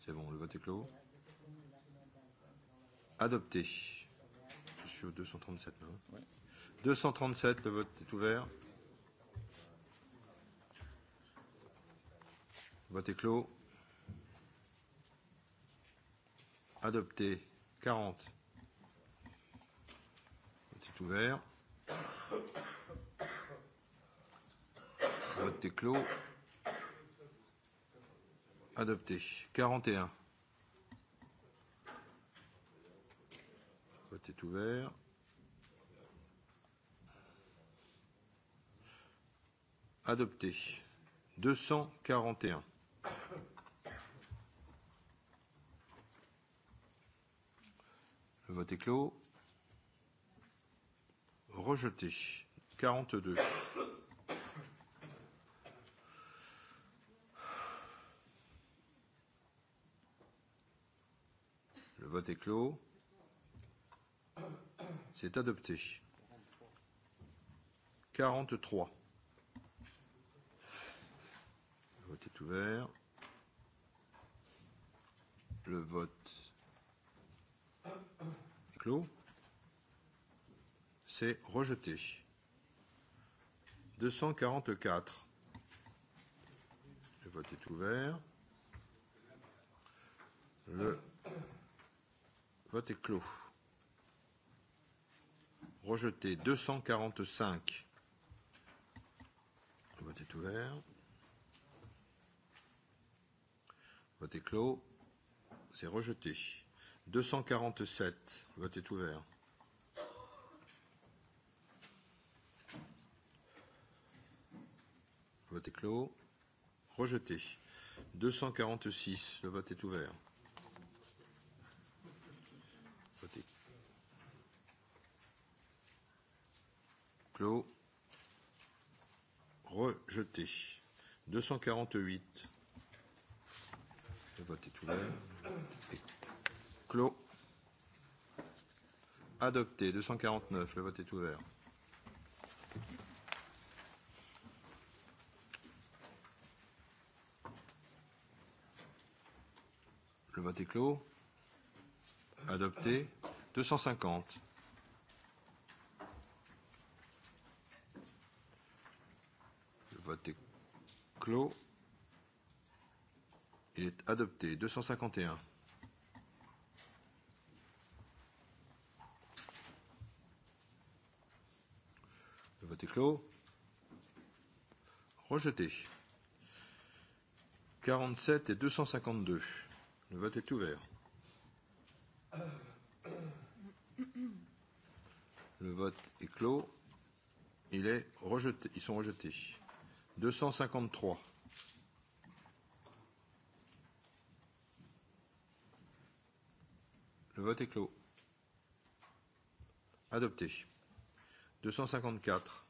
C'est bon, le vote est clos. Adopté. Je suis au 237 non 237, le vote est ouvert. Le vote est clos. Adopté. 40 est ouvert. vote est clos. Adopté. 41. vote est ouvert. Adopté. 241. Le vote est clos rejeté. 42. Le vote est clos. C'est adopté. 43. Le vote est ouvert. Le vote est clos. C'est rejeté. 244. Le vote est ouvert. Le vote est clos. Rejeté. 245. Le vote est ouvert. Le vote est clos. C'est rejeté. 247. Le vote est ouvert. Vote est clos. Rejeté. 246. Le vote est ouvert. Voté. clos. Rejeté. 248. Le vote est ouvert. Et clos. Adopté. 249. Le vote est ouvert. vote est clos. Adopté. 250. Le vote est clos. Il est adopté. 251. Le vote est clos. Rejeté. 47 et 252. Le vote est ouvert. Le vote est clos. Il est rejeté. Ils sont rejetés. 253. Le vote est clos. Adopté. 254.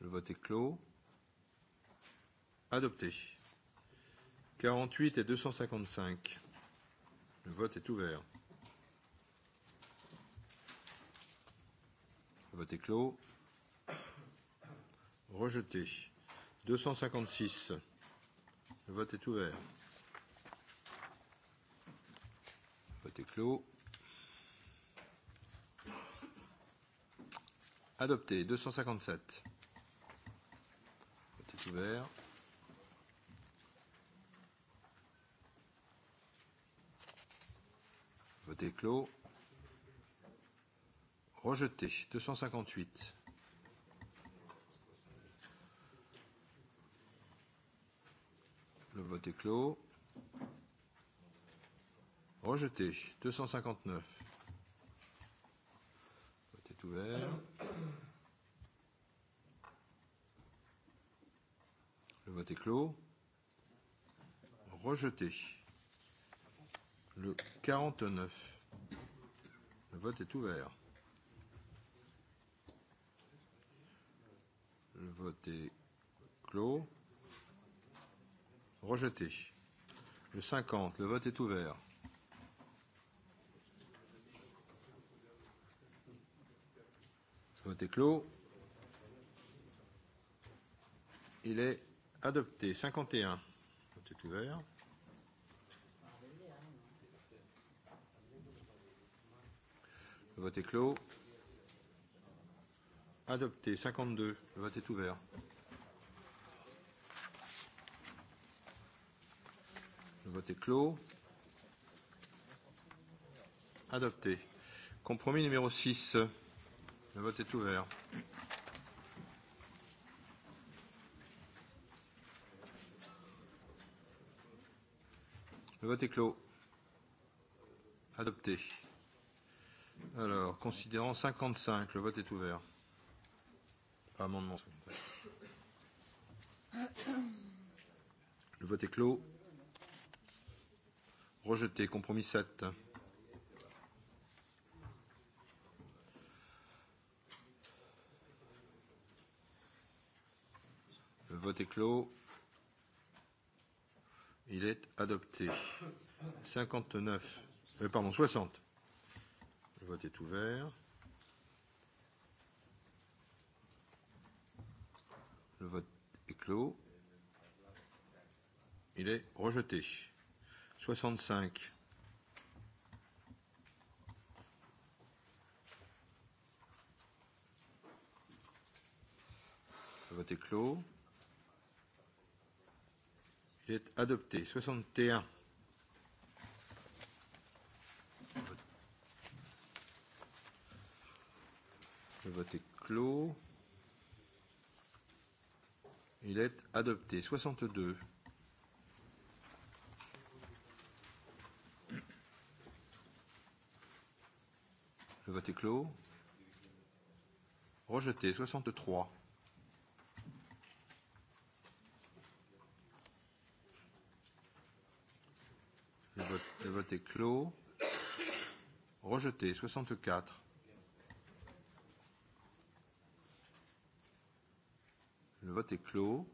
Le vote est clos. Adopté. 48 et 255. Le vote est ouvert. Le vote est clos. Rejeté. 256. Le vote est ouvert. Le vote est clos. Adopté. 257. Le vote est ouvert. Vote est clos. Rejeté. 258. Le vote est clos. Rejeté. 259. Le vote est ouvert. Le vote est clos. Rejeté le 49. Le vote est ouvert. Le vote est clos. Rejeté. Le 50. Le vote est ouvert. Le vote est clos. Il est adopté. 51. Le vote est ouvert. vote est clos. Adopté. 52. Le vote est ouvert. Le vote est clos. Adopté. Compromis numéro 6. Le vote est ouvert. Le vote est clos. Adopté. Alors, considérant 55, le vote est ouvert. Pas amendement. Le vote est clos. Rejeté. Compromis 7. Le vote est clos. Il est adopté. 59. Euh, pardon, 60. Le vote est ouvert. Le vote est clos. Il est rejeté. 65. Le vote est clos. Il est adopté. 61. Le vote est clos. Il est adopté. 62. Le vote est clos. Rejeté. 63. Le vote, le vote est clos. Rejeté. 64. Le vote est clos.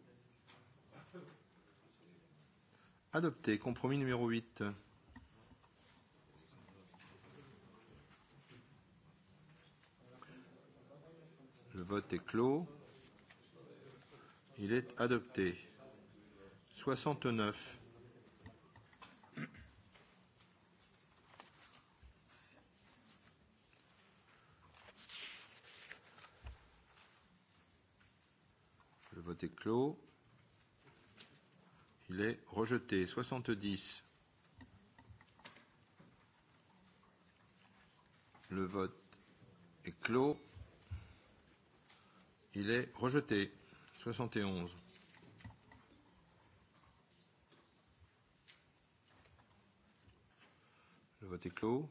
Adopté. Compromis numéro 8. Le vote est clos. Il est adopté. 69. vote est clos. Il est rejeté. 70. Le vote est clos. Il est rejeté. 71. Le vote est clos.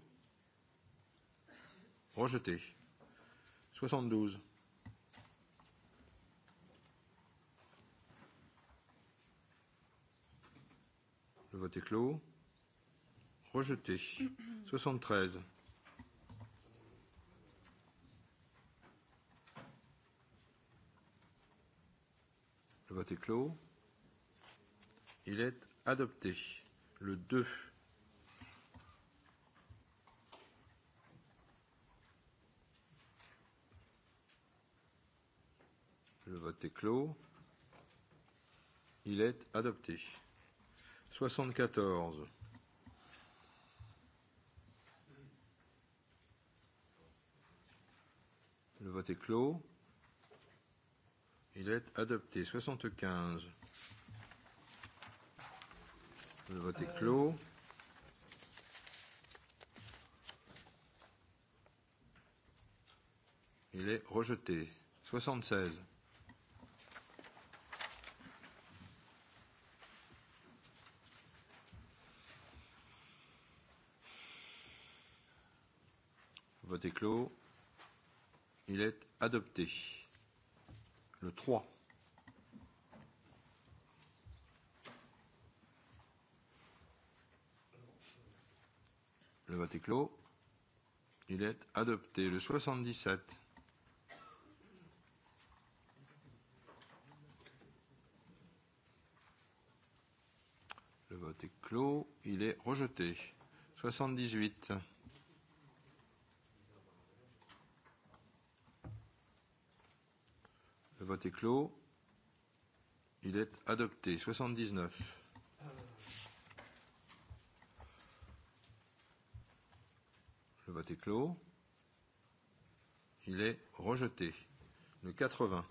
Rejeté. 72. vote est clos. Rejeté. 73. Le vote est clos. Il est adopté. Le 2. Le vote est clos. Il est adopté. 74. Le vote est clos. Il est adopté. 75. Le vote est clos. Il est rejeté. 76. Vote est clos. Il est adopté. Le 3. Le vote est clos. Il est adopté. Le 77. Le vote est clos. Il est rejeté. 78. vote est clos. Il est adopté. 79. Le vote est clos. Il est rejeté. Le 80.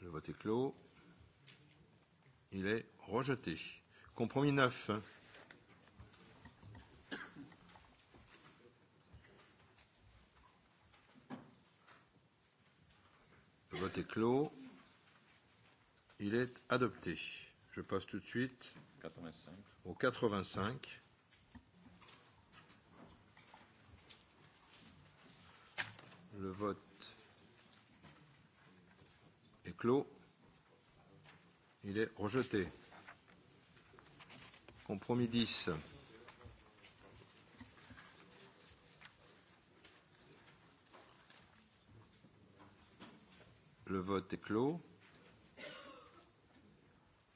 Le vote est clos. Il est rejeté. Compromis 9. vote est clos. Il est adopté. Je passe tout de suite 85. au 85. Le vote est clos. Il est rejeté. Compromis 10. Le vote est clos.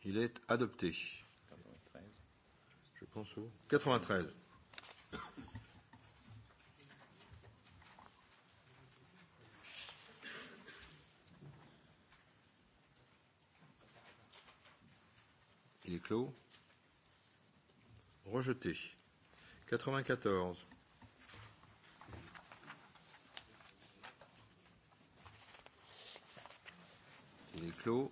Il est adopté. 93. Je pense au 93. Il est clos. Rejeté. 94. clos.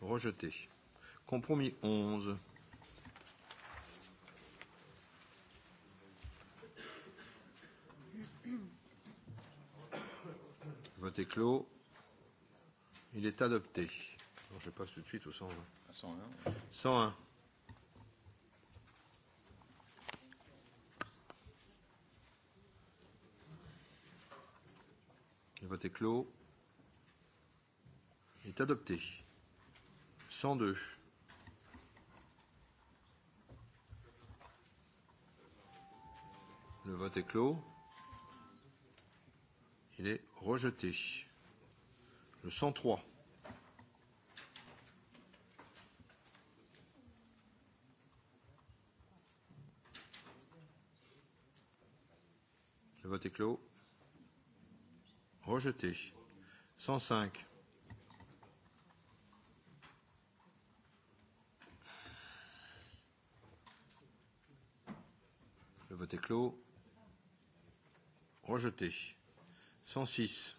Rejeté. Compromis 11. Vote est clos. Il est adopté. Donc je passe tout de suite au 120. 101. 101. Le vote est clos est adopté. 102. Le vote est clos. Il est rejeté. Le 103. Le vote est clos. Rejeté. 105. Le vote est clos. Rejeté. 106.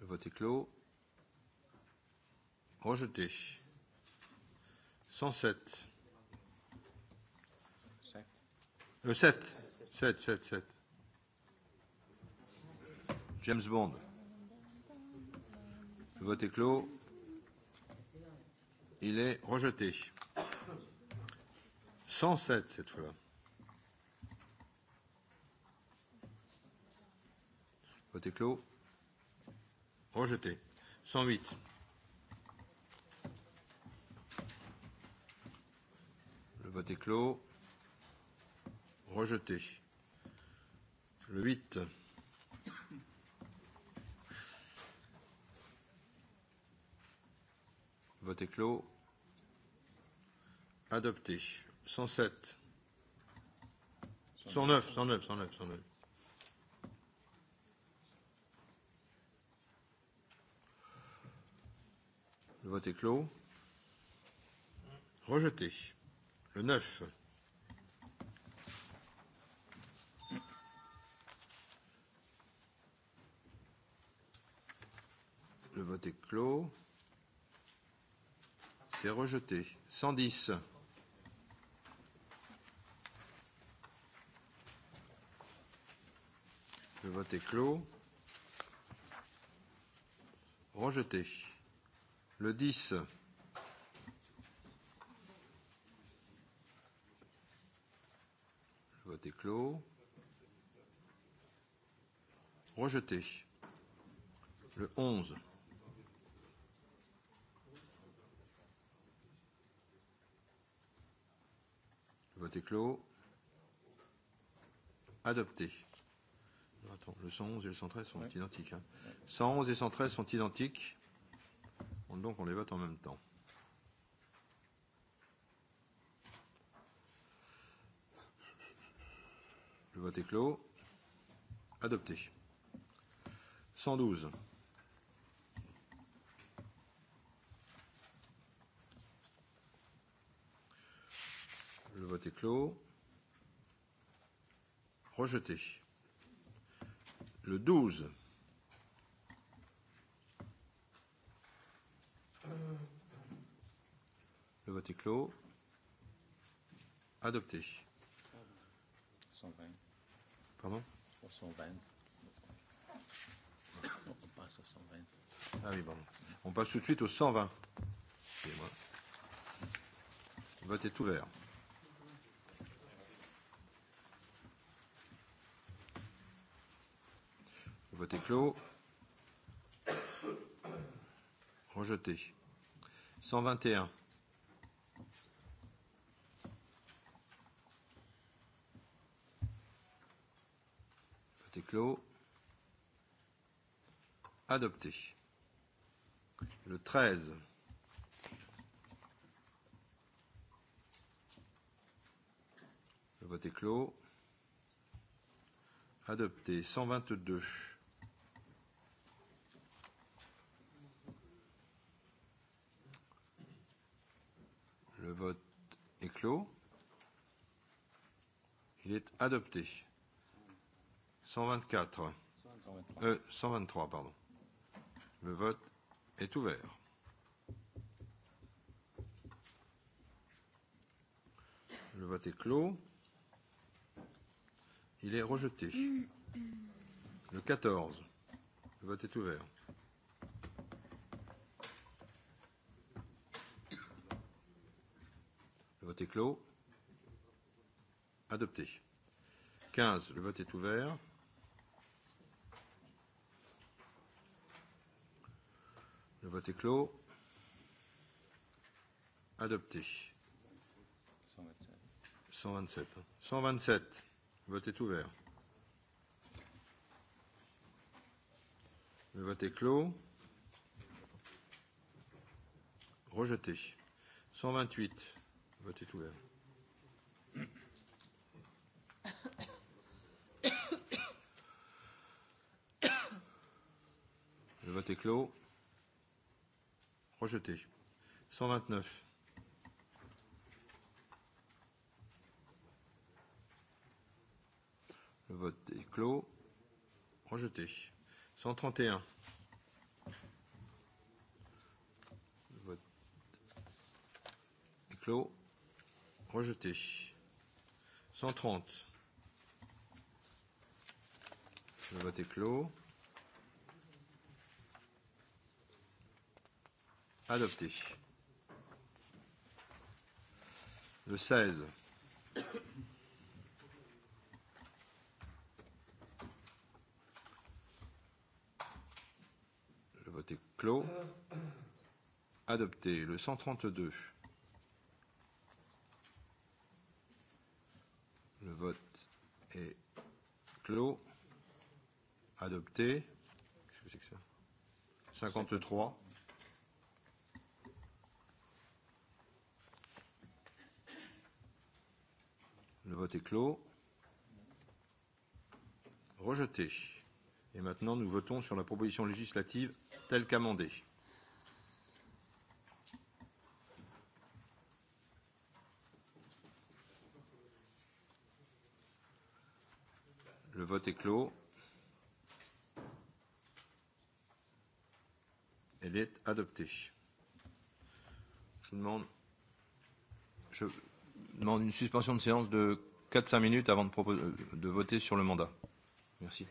Le vote est clos. Rejeté. 107. Le 7. 7, 7, 7. James Bond. Le vote est clos. Il est rejeté. 107 cette fois-là. Vote est clos. Rejeté. 108. Le vote est clos. Rejeté. Le 8. Vote est clos. Adopté. 107. 109, 109, 109, 109. Le vote est clos. Rejeté. Le 9. Le vote est clos. C'est rejeté. 110. Le vote est clos. Rejeté. Le 10. Le vote est clos. Rejeté. Le 11. Le vote est clos. Adopté. Attends, le 111 et le 113 sont ouais. identiques. Hein. 111 et 113 sont identiques. Donc on les vote en même temps. Le vote est clos. Adopté. 112. Le vote est clos. Rejeté le 12. Le vote est clos. Adopté. 120. Pardon 120. on passe au 120. Ah oui, pardon. On passe tout de suite au 120. Le vote est ouvert. vote est clos. Rejeté. 121. Vote est clos. Adopté. Le 13. Le vote est clos. Adopté. 122. Le vote est clos. Il est adopté. 124. Euh, 123, pardon. Le vote est ouvert. Le vote est clos. Il est rejeté. Le 14. Le vote est ouvert. Le vote est clos. Adopté. 15. Le vote est ouvert. Le vote est clos. Adopté. 127. 127. Le vote est ouvert. Le vote est clos. Rejeté. 128. Vote est Le vote est clos. Rejeté. 129. Le vote est clos. Rejeté. 131. Le vote est clos rejeté. 130. Le vote est clos. Adopté. Le 16. Le vote est clos. Adopté. Le 132. vote est clos. Adopté. Qu'est-ce que c'est que ça 53. Le vote est clos. Rejeté. Et maintenant, nous votons sur la proposition législative telle qu'amendée. Le vote est clos. Elle est adoptée. Je demande, je demande une suspension de séance de 4-5 minutes avant de, proposer, de voter sur le mandat. Merci.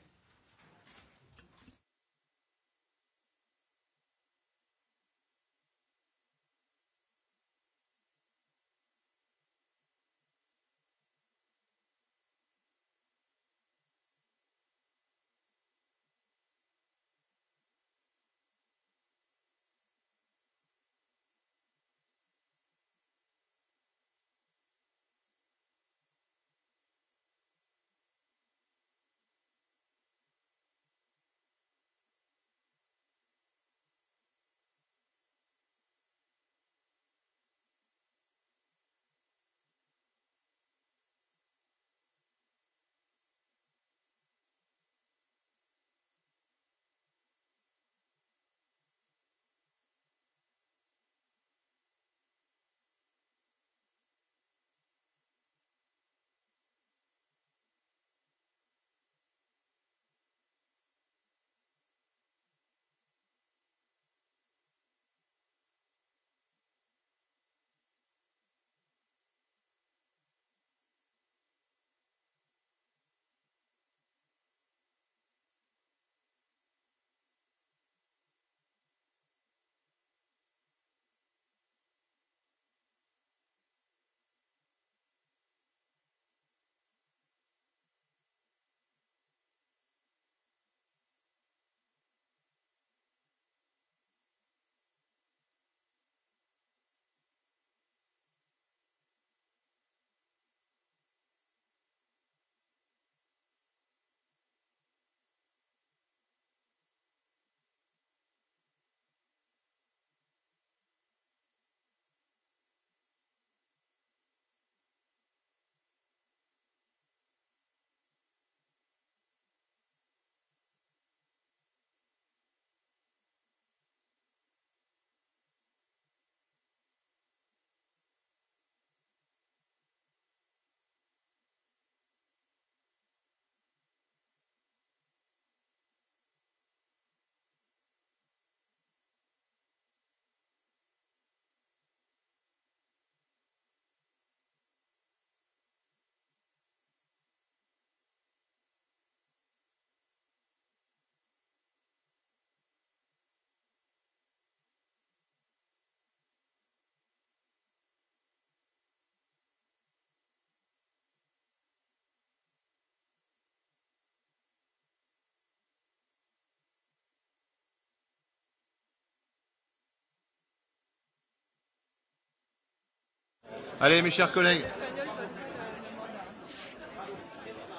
Allez, mes chers collègues.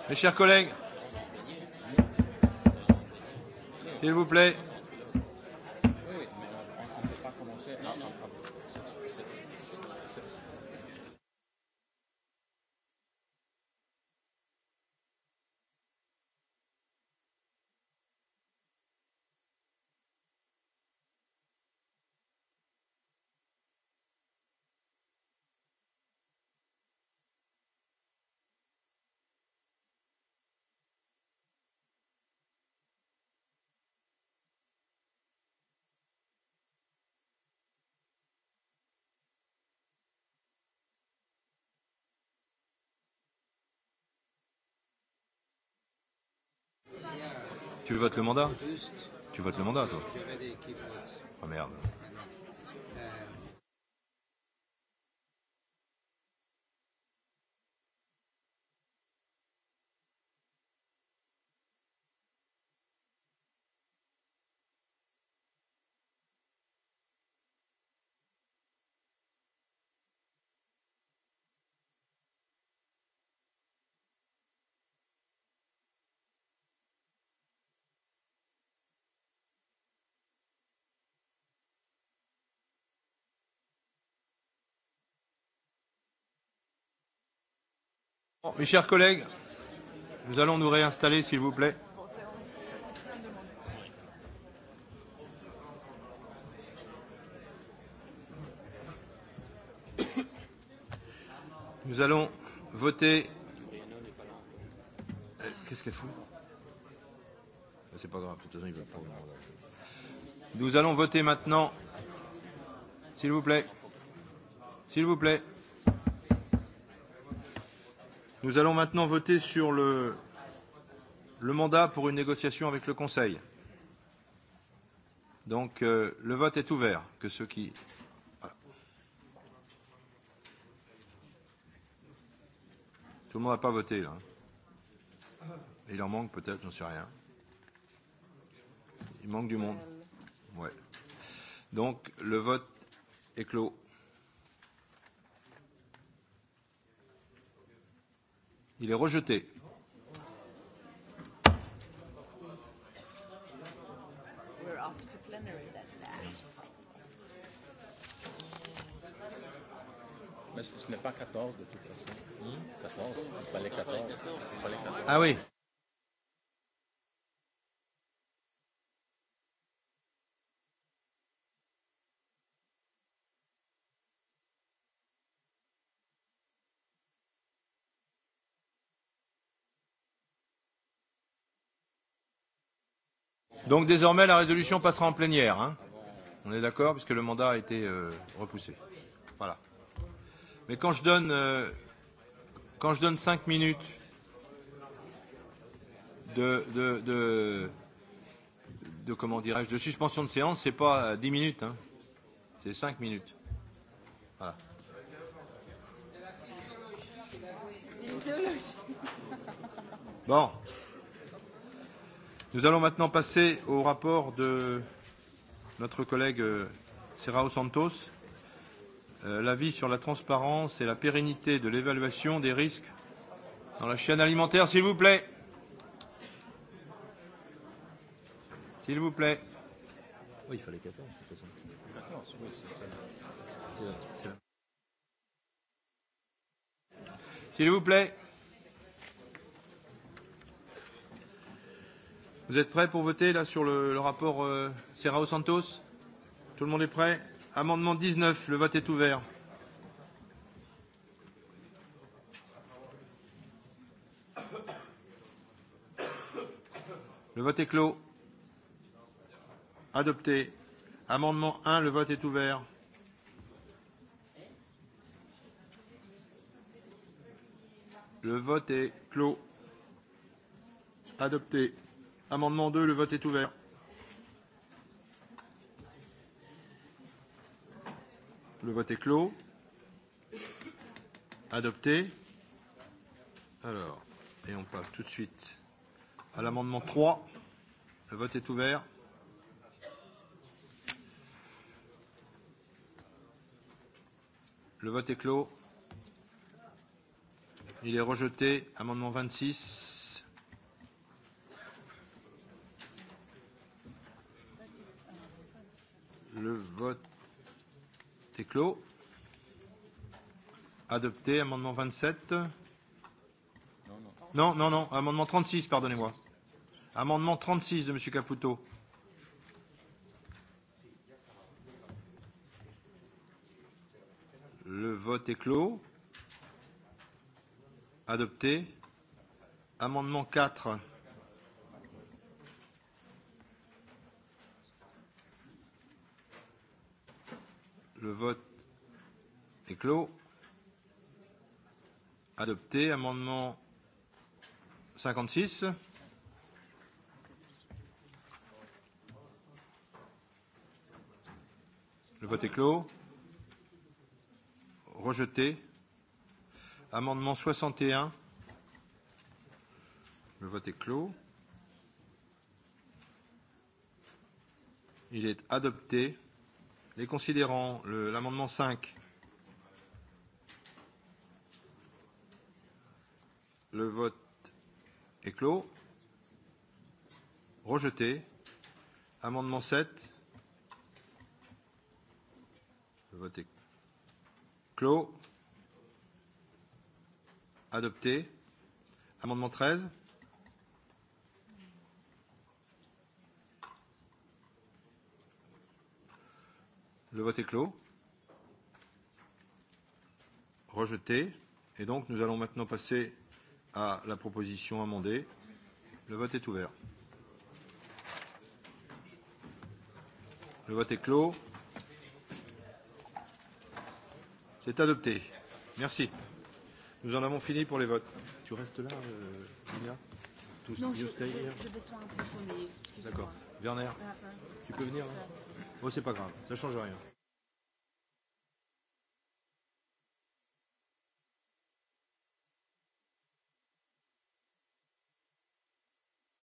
Mes chers collègues. S'il vous plaît. Tu votes le mandat Tu votes le mandat, toi Oh merde. Bon, mes chers collègues, nous allons nous réinstaller, s'il vous plaît. Nous allons voter. Qu'est-ce qu'elle fout ah, C'est pas grave, de toute façon, il va pas. Nous allons voter maintenant. S'il vous plaît. S'il vous plaît. Nous allons maintenant voter sur le, le mandat pour une négociation avec le Conseil. Donc euh, le vote est ouvert. Que ceux qui voilà. Ah. tout le monde n'a pas voté là. Il en manque peut-être, j'en sais rien. Il manque du monde. Ouais. Donc le vote est clos. Il est rejeté. Mais ce n'est pas 14 de toute façon. 14, pas les 14. Ah oui. Donc désormais, la résolution passera en plénière. Hein. On est d'accord, puisque le mandat a été euh, repoussé. Voilà. Mais quand je donne, euh, quand je donne cinq minutes de, de, de, de comment dirais-je, de suspension de séance, c'est pas euh, dix minutes, hein. c'est cinq minutes. Voilà. Bon. Nous allons maintenant passer au rapport de notre collègue euh, Serrao Santos, euh, l'avis sur la transparence et la pérennité de l'évaluation des risques dans la chaîne alimentaire, s'il vous plaît. S'il vous plaît. Oui, il fallait 14. S'il vous plaît. Vous êtes prêts pour voter là sur le, le rapport euh, Serrao Santos Tout le monde est prêt Amendement 19, le vote est ouvert. Le vote est clos. Adopté. Amendement 1, le vote est ouvert. Le vote est clos. Adopté. Amendement 2, le vote est ouvert. Le vote est clos. Adopté. Alors, et on passe tout de suite à l'amendement 3. Le vote est ouvert. Le vote est clos. Il est rejeté. Amendement 26. Le vote est clos. Adopté. Amendement 27. Non, non, non. Amendement 36, pardonnez-moi. Amendement 36 de M. Caputo. Le vote est clos. Adopté. Amendement 4. Le vote est clos. Adopté. Amendement 56. Le vote est clos. Rejeté. Amendement 61. Le vote est clos. Il est adopté. Les considérants, l'amendement le, 5. Le vote est clos. Rejeté. Amendement 7. Le vote est clos. Adopté. Amendement 13. Le vote est clos. Rejeté. Et donc, nous allons maintenant passer à la proposition amendée. Le vote est ouvert. Le vote est clos. C'est adopté. Merci. Nous en avons fini pour les votes. Tu restes là, euh, Lina Non, je, je, je vais sur un téléphone. D'accord. Werner, ah, ah. tu peux venir hein Oh, c'est pas grave, ça change rien.